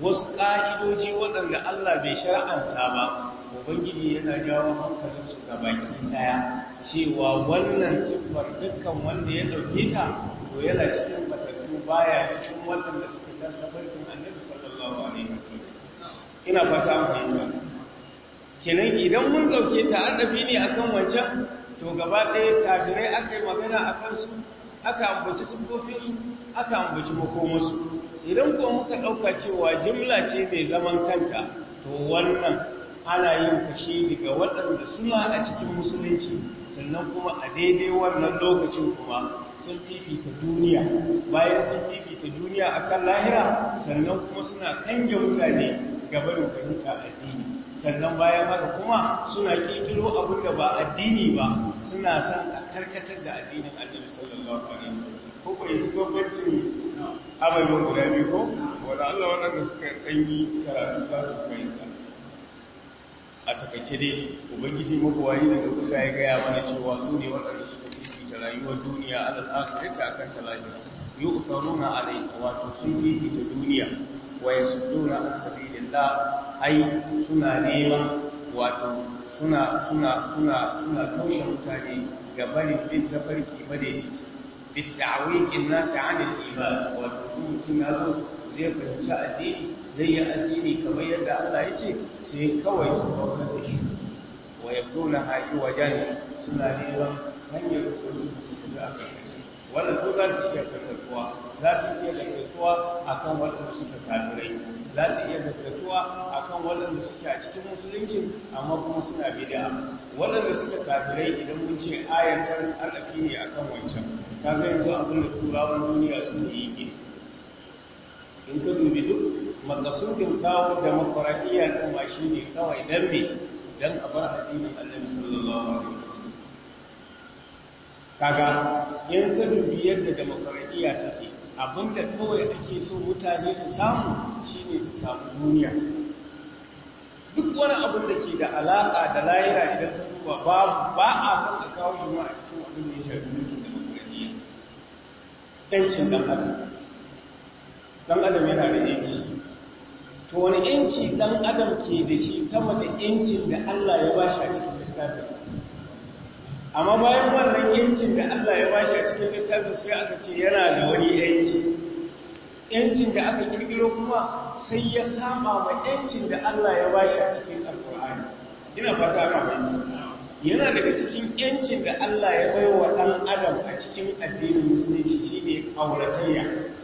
Speaker 1: wasu ƙa'idoji waɗanda Allah bai shara'anta ba ubangiji yana jawo hankalinsu ga baki ɗaya cewa wannan siffar dukkan wanda ya ɗauke ta to yana cikin batattu baya cikin waɗanda suke ina fata fahimta kenan idan mun ɗauke ta'addafi ne akan wancan to gaba ɗaya kafirai aka yi magana a kansu aka ambaci siffofinsu aka ambaci makomansu idan kuma muka ɗauka cewa jimla ce mai zaman kanta to wannan ana yin kashi daga waɗanda suna a cikin musulunci sannan kuma a daidai wannan lokacin kuma sun fifita duniya bayan sun fifita duniya akan lahira sannan kuma suna kange mutane Gaba da fahimta addini sannan bayan haka kuma suna kirkiro abin da ba addini ba suna san a karkatar da addinin annabi sallallahu alaihi wasallam ko ko yanzu gwamnatin abin guda biyu ko wanda Allah wannan da suka yi karatu za su fahimta a takaice dai ubangiji wani daga kusa ya gaya mana cewa su ne waɗanda suka ta rayuwar duniya a kan akhirati yi usaruna a rai wato sun fifita duniya Waye su wa yasudduna an sabilillah ai suna neman wato suna suna suna suna kaushe mutane ga barin bin tafarki madaidaici bitta'awiqin nasi 'anil iman wato mutum ya zo zai fahimci addini zai yi addini kamar yadda Allah ya ce sai kawai su bautar da shi Waye yabduna haƙi wajen suna neman hanyar da su tafi a kai wannan ko za ta iya karkatuwa za ta iya karkatuwa akan waɗanda suka kafirai za ta iya karkatuwa akan waɗanda suke a cikin musulunci amma kuma suna bid'a waɗanda suka kafirai idan mun ce ayar tarin alafi ne akan wancan kaga yanzu abin da turawan duniya suke yi ne in ka dubi duk makasudin kawo da makwaraɗiyya ma shi ne kawai don me don a bar addinin annabi sallallahu alaihi wasallam kaga yan biyar da yadda demokradiyya take abinda kawai ke so mutane su samu shine su samu duniya duk wani abin da ke da alaƙa da layira idan ka duba ba a san ka kawo shi a cikin abin da ya shafi mulkin demokradiyya ɗancin dan adam ɗan adam yana da yanci to wani yanci dan adam ke da shi sama da yancin da Allah ya bashi a cikin littafinsa amma bayan wannan yancin da Allah ya bashi a cikin littafin sai aka ce yana da wani yanci yancin da aka kirkiro kuma sai ya saba ma yancin da Allah ya bashi a cikin alkur'ani ina fata ka fahimta yana daga cikin yancin da Allah ya bai wa ɗan adam a cikin addinin musulunci shine auratayya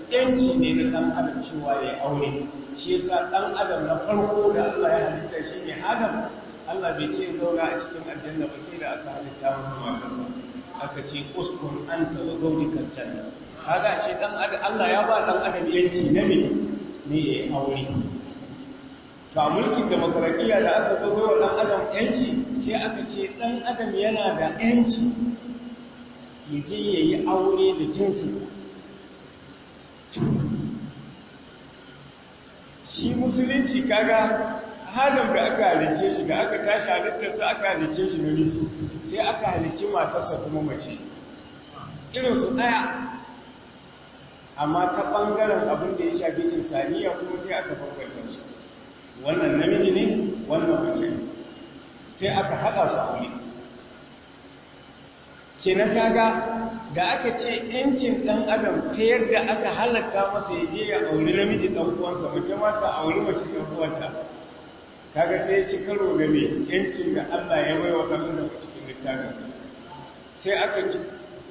Speaker 1: yanci ne na ɗan adam cewa ya aure shi yasa ɗan adam na farko da Allah ya halitta shine Adam Allah bai ce zauna a cikin aljanna ba sai da aka halitta masa matarsa aka ce uskun an taɓa zaunikan janna kaga ce dan Allah ya ba dan adam yanci na me ne ya yi aure a mulkin demokradiyya da aka zo wa dan adam yanci sai aka ce dan adam yana da yanci ya je ya yi aure da jinsi. shi musulunci kaga halin da aka halice shi da aka tashi halittarsa aka halice shi namiji sai aka halice matarsa kuma mace irinsu ɗaya amma ta ɓangaren abin da ya shafi insaniya kuma sai aka bambanta su wannan namiji ne wannan mace ne sai aka haɗa su a Ke na kaga da aka ce ‘yancin ɗan adam ta yadda aka halatta masa ya je ya auri namiji ɗan uwansa mace mata auri mace ɗan uwanta kaga sai ya ci karo da ne yancin da Allah ya baiwa kanun da cikin littafin sai aka ci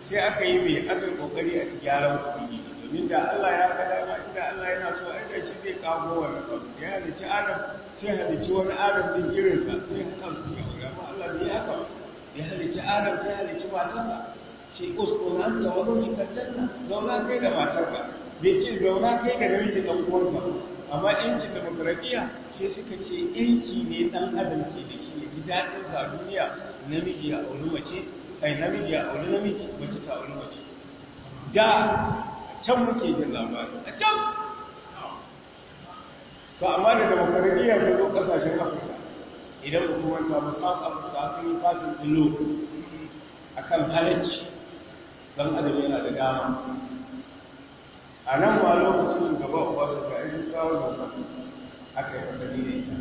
Speaker 1: sai aka yi mai aka kokari a cikin yaran kuɗi domin da Allah ya kada ma inda Allah yana so a ga shi zai kago wa abu ya halici Adam sai halici wani Adam din irinsa sai haka ci ya ga Allah ya haka ya halici Adam sai halici matarsa shi uskunan ta wani kikakken nan zauna kai da matarka bai ce zauna kai da namiji ɗan uwanka amma yancin demokradiyya sai suka ce yanci ne dan adam ke da shi ya ji daɗin sa duniya namiji ya auri mace ai namiji ya auri namiji mace ta auri mace da can muke jin labari a can to amma da demokradiyya ta zo kasashen afirka idan hukumanta ba sa su afirka sun yi fasin ɗin a kan halacci dan adam yana da dama a nan ba lokacin shugaban obasanjo ga yi kawo da aka yi fasali ne. ita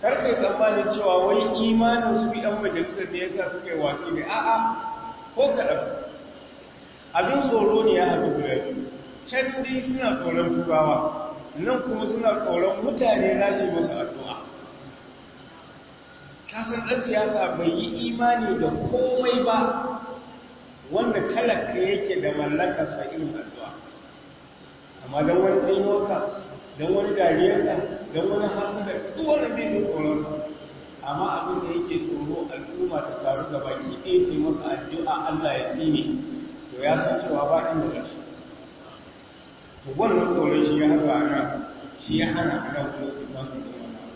Speaker 1: karka yi tsammanin cewa wani imanin su ɗan majalisar ne ya sa suka yi watsi ne a'a ko kaɗan
Speaker 2: abin tsoro ne ya haɗu guda biyu
Speaker 1: can dai suna tsoron turawa nan kuma suna tsoron mutane na ce masu addu'a kasan ɗan siyasa bai yi imani da komai ba
Speaker 2: wanda talaka
Speaker 1: yake da mallakarsa irin addu'a ma don wani tsinoka don wani dariyarka don wani hasadar kowane zai da tsoronsa amma abin da yake tsoro al'umma ta taru da baki ɗaya ce masa addu'a Allah ya tsine to ya san cewa ba inda da shi to wannan tsoron shi ya hasa ana shi ya hana a nan kuma su masu ɗaya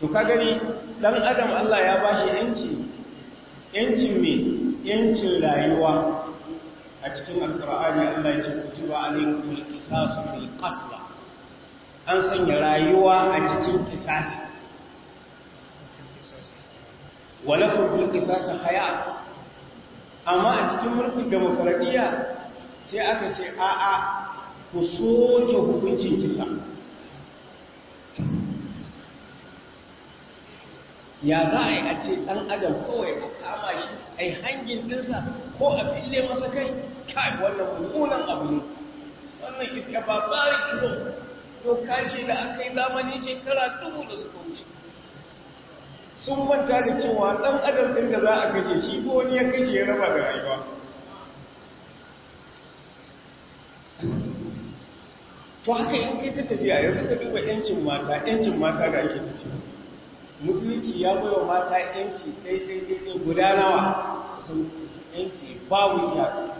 Speaker 1: to ka gani dan adam Allah ya ba shi ‘yanci ‘yancin me ‘yancin rayuwa a cikin alkur'ani Allah ya ce kutuba alaykumul qisasu fil qatl an sanya rayuwa a cikin qisasi walakum fil qisasi hayat amma a cikin mulkin demokradiya sai aka ce a'a ku soke hukuncin kisa ya za a yi a ce ɗan adam kawai a kama shi a yi hangin ɗinsa ko a fille masa kai kai wannan mummunan abu ne wannan iska ba bari kilo doka ce da aka yi zamani shekara dubu da suka wuce sun manta da cewa ɗan adam ɗin da za a kashe shi ko wani ya kashe ya raba da rayuwa to haka in kai ta tafiya yanzu ka duba 'yancin mata 'yancin mata da ake ta musulunci ya baiwa mata yanci ɗaiɗaiɗaiɗai guda nawa sun yanci babu iyaka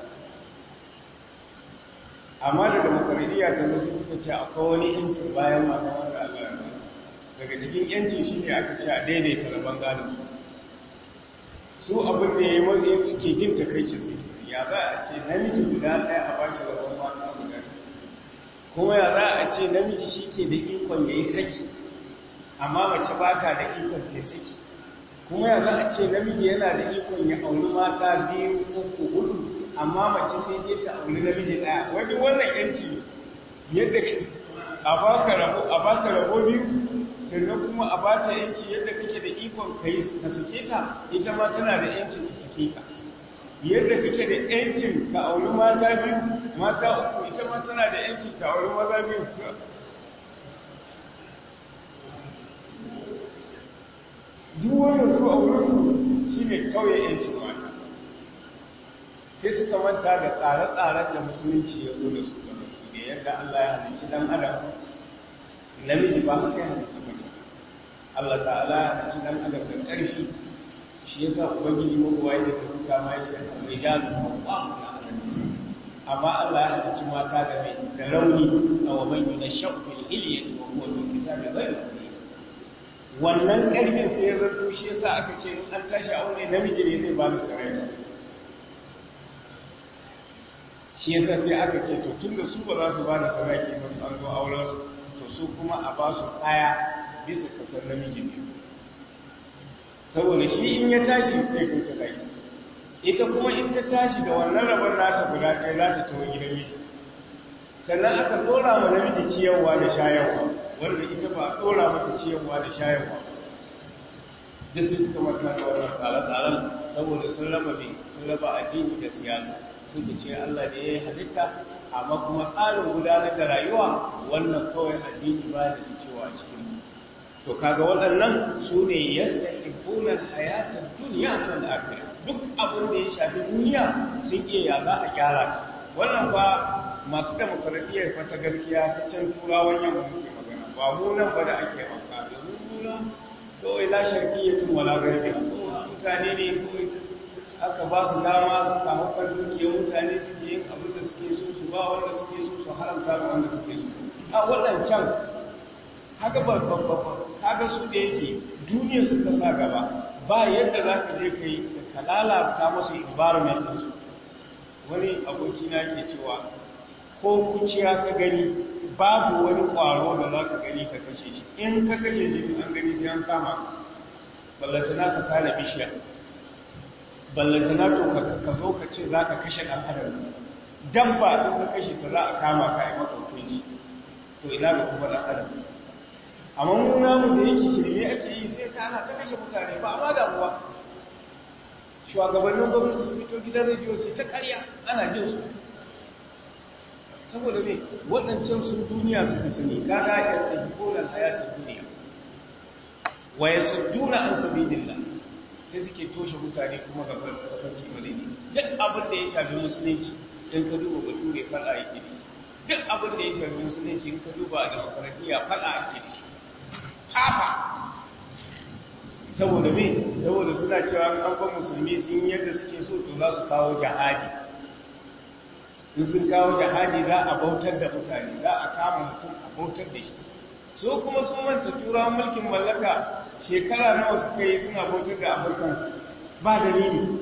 Speaker 1: amma da demokaradiyya ta zo suka ce akwai wani yanci bayan mata wanda Allah ya daga cikin yanci shi ne aka ce a daidaita rabon gado su abin da ya yi wani ke jin takaici su ya za a ce namiji guda ɗaya a ba shi rabon mata guda kuma ya za a ce namiji shi ke da ikon ya yi saki amma mace ba ta da ikon ta ciki kuma yanzu a ce namiji yana da ikon ya auri mata biyu uku hudu amma mace sai dai ta auri namiji daya wani wannan yanci yadda a baka rabo a bata rabo biyu sannan kuma a bata yanci yadda kake da ikon ka yi ka suke ta ita ma tana da yancin ta suke ka yadda kake da yancin ka auri mata biyu mata uku ita ma tana da yancin ta auri maza biyu duk wannan su a wurinsu shi ne tauye yancin mata sai suka manta da tsare-tsaren da musulunci ya zo da su ga baki da yadda Allah ya halici dan adam namiji ba haka ya halici mace Allah ta'ala ya halici dan adam da ƙarfi shi ya yasa ubangiji mabuwa da ta huta ma yace rijalu mawqamu na adam amma Allah ya halicci mata da mai da rauni a wa man yunashaqu al-ilyatu wa huwa kisa kisabi wannan ƙarfin sai ya zarto shi yasa aka ce in an tashi aure namiji ne zai ba da sarari shi yasa sai aka ce to tun da su ba za su ba da sarari ba an zo auren su to su kuma a ba su ɗaya bisa kasar namiji ne saboda shi in ya tashi kai kun sarari ita kuma in ta tashi da wannan rabar nata guda ɗaya za ta tawo gidan miji sannan aka ɗora ma namiji ciyarwa da shayarwa wanda ita ba dora mata ciyarwa da shayarwa duk sai suka manta da tsare-tsaren saboda sun raba ne sun raba addini da siyasa suka ce Allah ne ya yi halitta amma kuma tsarin gudanar da rayuwa wannan kawai addini ba da cikewa a cikin to kaga waɗannan su ne yasta ibunan hayatar duniya kan duk abin da ya shafi duniya sun iya ya a gyara ta wannan ba masu demokradiyyar fata gaskiya ta can turawan yamma muke munan ba da ake amfani da munan kawai la tun wala gari wasu mutane ne su aka ba su dama su kawo kan ke mutane suke yin abin da suke so su ba wanda suke so su haramta ga wanda suke so a can haka ba haka su da yake duniyar suka sa gaba ba yadda za ka je ka yi ka lalata musu environment kansu wani abokina ke cewa ko kuciya ka gani babu wani ƙwaro da za ka gani ka kashe shi in ka kashe shi an gani sai an kama ballantana ka sare bishiya ballantana to ka zo ka ce za ka kashe ɗan adam ba in ka kashe ta za a kama ka yi maka shi to ina ga kuma ɗan adam amma mun namu da yake shirme ake yi sai ka ana ta kashe mutane ba amma damuwa shugabannin gwamnati su fito gidan rediyo su ta karya ana jin su saboda me waɗancan sun duniya suka sani kaga ya sai kolan hayatar duniya wa duna an sabilillah sai suke toshe mutane kuma ga farki malini duk abin da ya shafi musulunci in ka duba ture fada yake ne duk abin da ya shafi musulunci in ka duba da makarantiya fada ake ne Kafa, saboda me saboda suna cewa an musulmi sun yadda suke so to za su kawo jihadi in sun kawo jihadi za a bautar da mutane za a kama mutum a bautar da shi so kuma sun manta turawan mulkin mallaka shekara nawa suka yi suna bautar da abokan ba dalili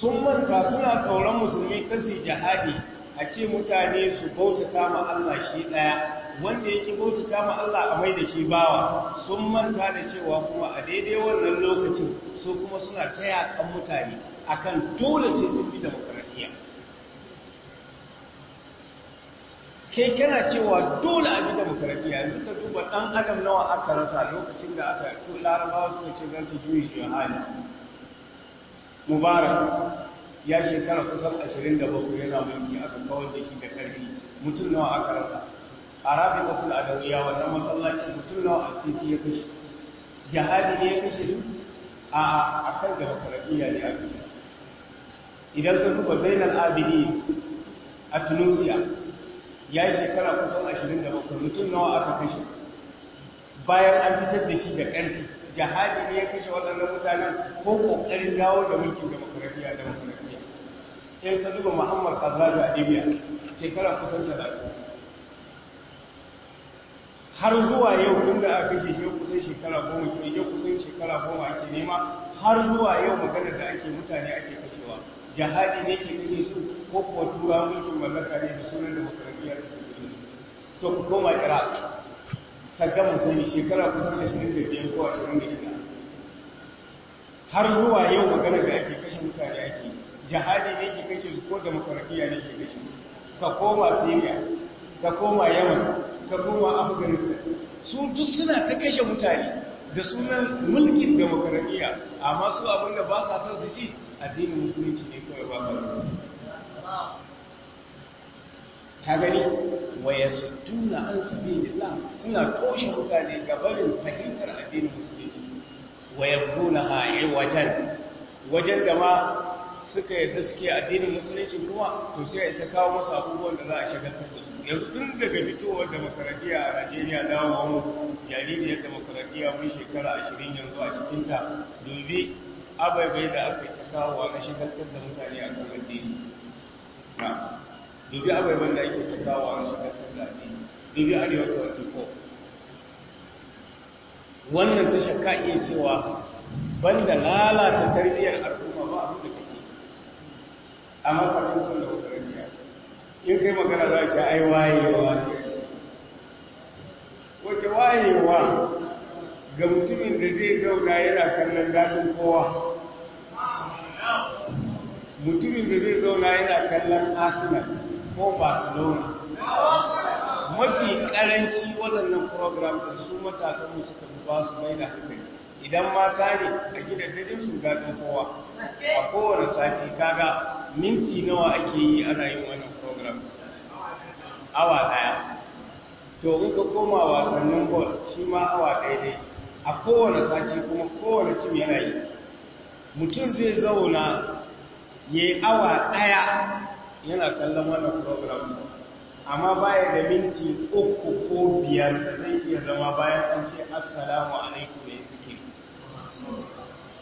Speaker 1: sun manta suna tsoron musulmi kasi jihadi a ce mutane su bautata ma Allah shi ɗaya wanda yake bautata ma Allah a mai da shi bawa sun manta da cewa kuma a daidai wannan lokacin su kuma suna ta yakan mutane akan dole sai sun bi da iya kai kana cewa dole a bida mukarabiya yanzu ka duba ɗan adam nawa aka rasa lokacin da aka ko larabawa suka ce za su juyi juyi hali mubarak ya shekara kusan 27 yana mulki aka kawar da shi da ƙarfi mutum nawa aka rasa a rafi da adawiya wannan masallaci mutum nawa a sisi ya kashe jihadi ne ya kashe a kan da mukarabiya ne a kashe idan ka kuka zainal abidi a tunisia ya yi shekara kusan ashirin da bakwai mutum nawa aka kashe bayan an fitar da shi da ƙarfi jihadi ne ya kashe waɗannan mutanen ko ƙoƙarin dawo da mulkin demokrasiya da demokrasiya ɗin ka duba muhammad kazaru a libya shekara kusan talatin har zuwa yau tun da aka kashe shi kusan shekara goma ke yau kusan shekara goma ake nema har zuwa yau maganar da ake mutane ake kashewa jihadi ne ke kashe su ko kuwa tura mulkin mallaka ne da sunan da makarantiya su ke kashe su to ku koma iraq saddam sani shekara kusan ashirin da biyar ko ashirin da shida har zuwa yau magana da ake kashe mutane ake jihadi ne ke kashe su ko da ne ke kashe su ka koma syria ka koma yaman ka koma afghanistan su duk suna ta kashe mutane da sunan mulkin demokaradiyya amma su abinda ba sa son su ji addinin musulunci ne kawai ba ba ta gani waya su tuna an sabi lillah suna toshe mutane gabarin fahimtar addinin musulunci waya kuna yi wajen wajen da ma suka yarda suke addinin musulunci kuma to sai ta kawo masu abubuwan da za a shagaltar da su yanzu tun daga fitowar demokaradiyya a najeriya dawowa jaririyar demokaradiyya mun shekara ashirin yanzu a cikinta dubi ababai da aka yi ta kawowa na shigaltar da mutane a kan addini na dubi ababai da ake ta kawowa na shigaltar da addini dubi arewa 24 wannan tasha ka iya cewa banda lalata tarbiyyar al'umma ba abin da kake amma faɗin kun da hukarciya in kai magana za a ce ai wayewa wace wayewa ga mutumin da zai zauna yana kallon daɗin kowa mutumin da zai zauna yana kallon arsenal ko barcelona mafi karanci waɗannan program da su matasan musu suka ba su mai da hankali idan mata ne a gidajen su daɗin kowa a kowane sati kaga minti nawa ake yi ana yin wannan program awa ɗaya to in koma wasannin gol shi ma awa daidai a kowane sati kuma kowane tim yanayi mutum zai zauna ya yi awa ɗaya yana kallon wannan program amma baya da minti uku ko biyar da zai iya zama bayan an ce assalamu alaikum da ya suke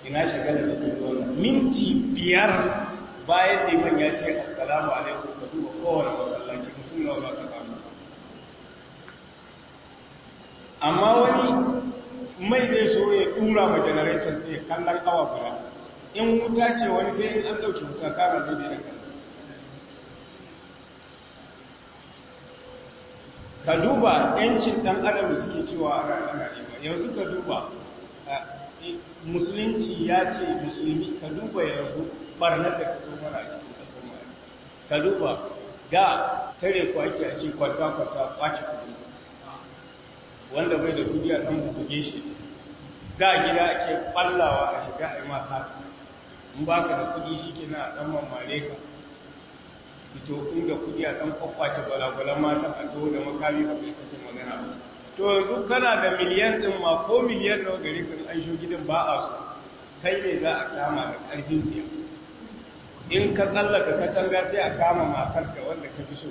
Speaker 1: ina shiga da mutum wannan minti biyar bayan liman ya ce assalamu alaikum ka duba kowane masallaci mutum yau ba ka samu amma wani mai zai so ya tura ma janaraitar sai ya kallar awa guda in wuta ce wani sai in an dauki wuta kara zai da kan ka duba yancin dan adam suke cewa a ranar yanzu ka duba musulunci ya ce musulmi ka duba yanzu barnar da ta zo a cikin kasar mara ka duba ga tare ku ake a ce kwata-kwata kwace kudu. wanda bai da duniya ɗan buge shi da gida ake ballawa a shiga a ma sa in ba da kuɗi shi ke na mamare ka fito inda kuɗi a dan kwakwace gwalagwalan mata a to da makami ba sake magana to yanzu kana da miliyan din ma ko miliyan nawa gari ka an sho gidan ba a so kai ne za a kama da karfin tsiya in ka tsallaka ka canza sai a kama matar ka wanda ka fi so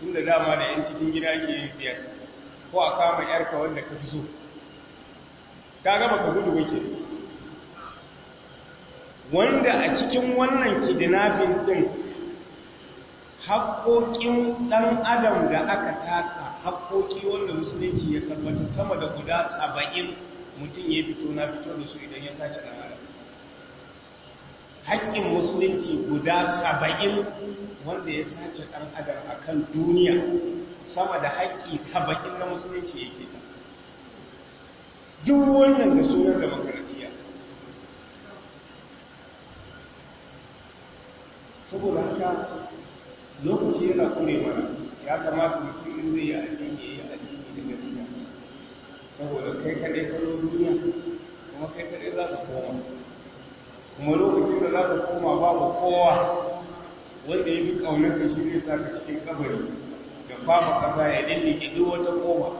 Speaker 1: tunda dama da 'yan cikin gida ke yin siyar. ko a kama yarka wanda ka zo Ta gama ka gudu wake wanda a cikin wannan kidnapping din haƙoƙin ɗan adam da aka taka haƙoƙi wanda musulunci ya tabbata sama da guda saba'in mutum ya fito na fito da su idan ya sace ɗan adam haƙƙin musulunci guda saba'in wanda ya sace ɗan adam a kan duniya sama da haƙƙi saba'in na musulunci yake ta duk wannan da sunar da makaradiyya saboda haka lokaci yana kure mara ya kamata mutum in zai yi addini ya yi addini da gaskiya saboda kai kaɗai kano duniya kuma kai kaɗai za ka koma kuma lokacin da za ka koma babu kowa wanda ya fi ƙaunar ka shi zai sa ka cikin kabari da fama ƙasa ya ke duk wata koma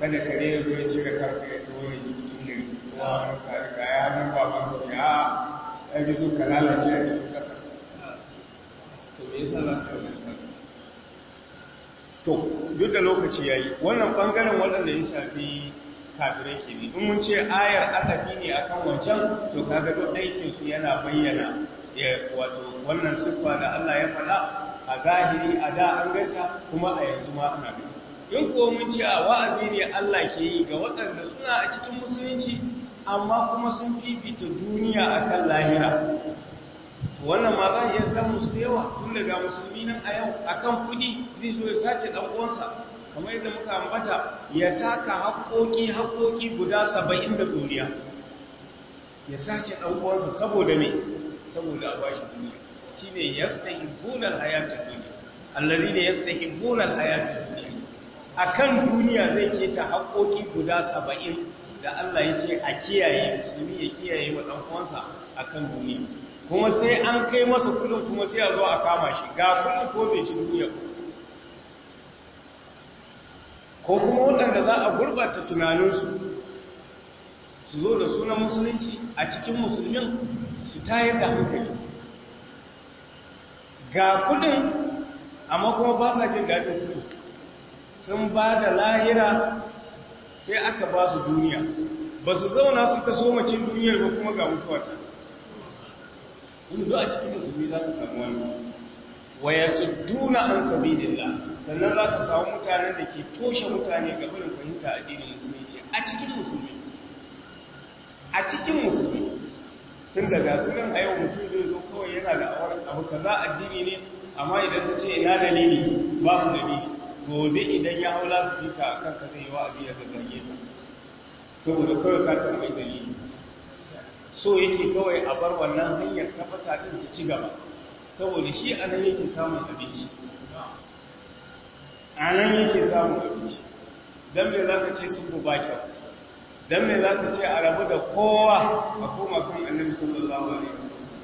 Speaker 1: kada ka ya zo ya cire ya tsoro ya cikin gari kuma wani riga ya ba baban su ya ɗari su ka lalace a cikin ƙasa to me yasa za ka yi to duk da lokaci ya yi wannan bangaren waɗanda ya shafi kafirai ke ne in mun ce ayar asafi ne akan wancan to kaga duk aikinsu yana bayyana wato wannan siffa da Allah ya faɗa a zahiri a da an ganta kuma a yanzu ma ana bi yin kuwa mun ce a wa'azi ne Allah ke yi ga waɗanda suna a cikin musulunci amma kuma sun fifita duniya akan lahira
Speaker 2: wannan ma za a iya samu
Speaker 1: su da yawa tun daga musulmi nan a yau akan kuɗi zai zo ya sace ɗan uwansa kamar yadda muka ambata ya taka haƙoƙi haƙoƙi guda saba'in da duniya ya sace ɗan uwansa saboda me saboda a bashi duniya shine yastahibbuna alhayata dunya alladhina yastahibbuna alhayata dunya akan duniya zai ke ta haƙoƙi guda 70 da Allah ya ce a kiyaye musulmi ya kiyaye wa dan uwansa akan duniya kuma sai an kai masa kullun kuma sai a zo a kama shi ga kullun ko bai ci duniya ko kuma waɗanda za a gurbata tunaninsu su zo da sunan musulunci a cikin musulmin su tayar da hankali ga kudin amma kuma ba sa jin daɗin kudi sun ba da lahira sai aka ba su duniya ba su zauna suka so macin duniyar ba kuma ga mutuwa ta inda a cikin musulmi za ka samu wani waya su duna an sabi dilla sannan za ka samu mutanen da ke toshe mutane ga barin fahimta addinin musulmi ce a cikin musulmi a cikin musulmi tun da gasunan a yau mutum zai zo kawai yana da abu kaza addini ne amma idan ta ce ina dalili da dalili gobe idan ya hau lasifika a kanka yawa a wa'azi ya zage ta saboda kawai ka tambayi dalili so yake kawai a bar wannan hanyar tabbata din ta ci gaba saboda shi a nan yake samun abinci a nan yake samun abinci don me za ka ce ko ba kyau dan me za ta ce a rabu da kowa a koma kan annabi sallallahu alaihi wasallam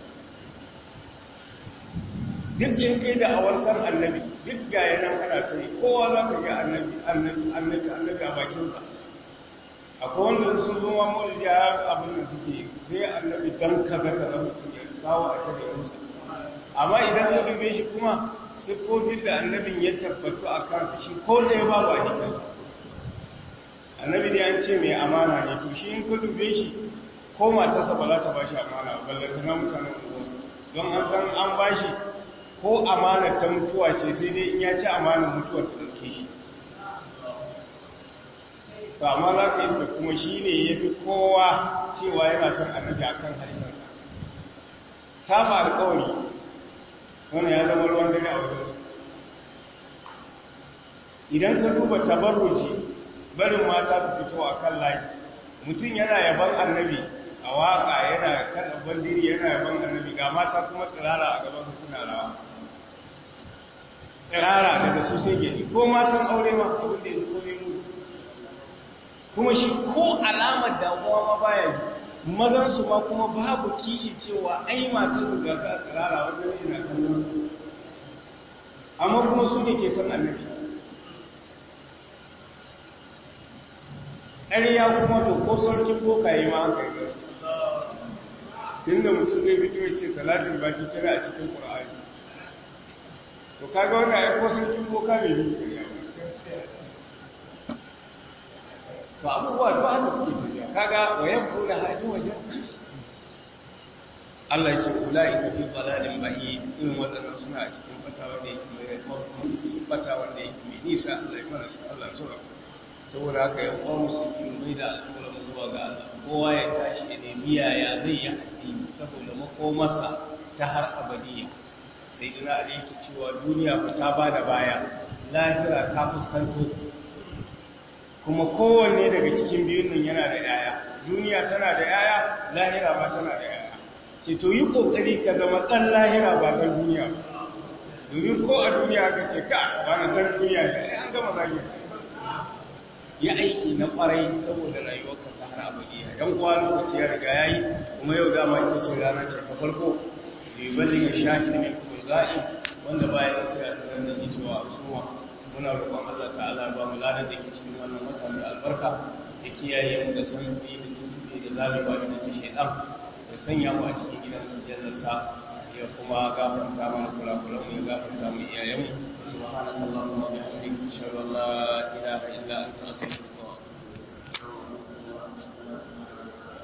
Speaker 1: duk kai da awartar annabi duk ga yana kana ta yi kowa za ka ga annabi annabi annabi annabi a bakinsa akwai wanda su zuwa mamu abin da suke sai annabi dan kaza kaza mutum ya kawo a kada musa amma idan ka dube shi kuma siffofin da annabin ya tabbatu a kansa shi ko ba babu a jikinsa annabi dai an ce mai amana ne to shi in ka dube shi ko matarsa ba za ta ba shi amana ballanta na mutanen unguwarsa don an san an bashi? ko amana ta mutuwa ce sai dai in ya ci amanar mutuwa ta ɗauke shi ba amma za ka yi kuma shi ne ya fi kowa cewa yana son annabi a kan harshensa saba alkawari wani ya zama ruwan dare a wajen idan ta duba tabarruji barin mata su fito a kan layi mutum yana yaban annabi a waƙa yana kan diri yana yaban annabi ga mata kuma tsirara a gabansu suna rawa tsirara daga su sai gani ko matan aure ma abin da ya zo ne mu kuma shi ko alamar damuwa ma baya yi mazan su ma kuma babu kishi cewa ai matan su ga su a tsirara wajen yana kallon amma kuma su ne ke son annabi ƙarya kuma to ko sarki ko kayi ma haka yi da mutum zai fito ya ce salatin baki tana a cikin ƙura'ani to kaga wannan ya ko sarki ko mai ne ƙarya to abubuwa to haka suke tafiya kaga wayan kula haɗin waje
Speaker 2: Allah ya ce kula ita fi balalin
Speaker 1: ba'i irin waɗannan suna a cikin fata wanda yake mai rai fata wanda yake mai nisa Allah ya fara su Allah sauran saboda haka yan uwa musulmi mai da al'amuran zuwa ga kowa ya tashi ya nemi yaya zai yi addini saboda makomarsa ta har abadiya sai dina a yake cewa duniya ba ta bada baya lahira ta fuskanto kuma kowanne daga cikin biyun nan yana da yaya duniya tana da yaya lahira ma tana da yaya ce to yi kokari ka zama dan lahira ba dan duniya domin ko a duniya ka ce ka na dan duniya ne an gama zagin yi aiki na kwarai saboda rayuwarka ta har abadiya yan uwa lokaci ya riga yayi kuma yau dama ita ce rana ce ta farko bai bari ga ne mai kuma za'i wanda baya da sai a sanar da ni cewa suma muna roƙon Allah ta'ala ba mu ladan da ke cikin wannan wata mai albarka da kiyaye mu da sanzi da tuntube da zalunci ba da ta shedan da sanya mu a cikin gidan jallasa, ya kuma gafarta mana kula-kula mu ya gafarta mu iyayenmu سبحانك اللهم وبحمدك أشهد أن لا إله إلا أنت نستغفرك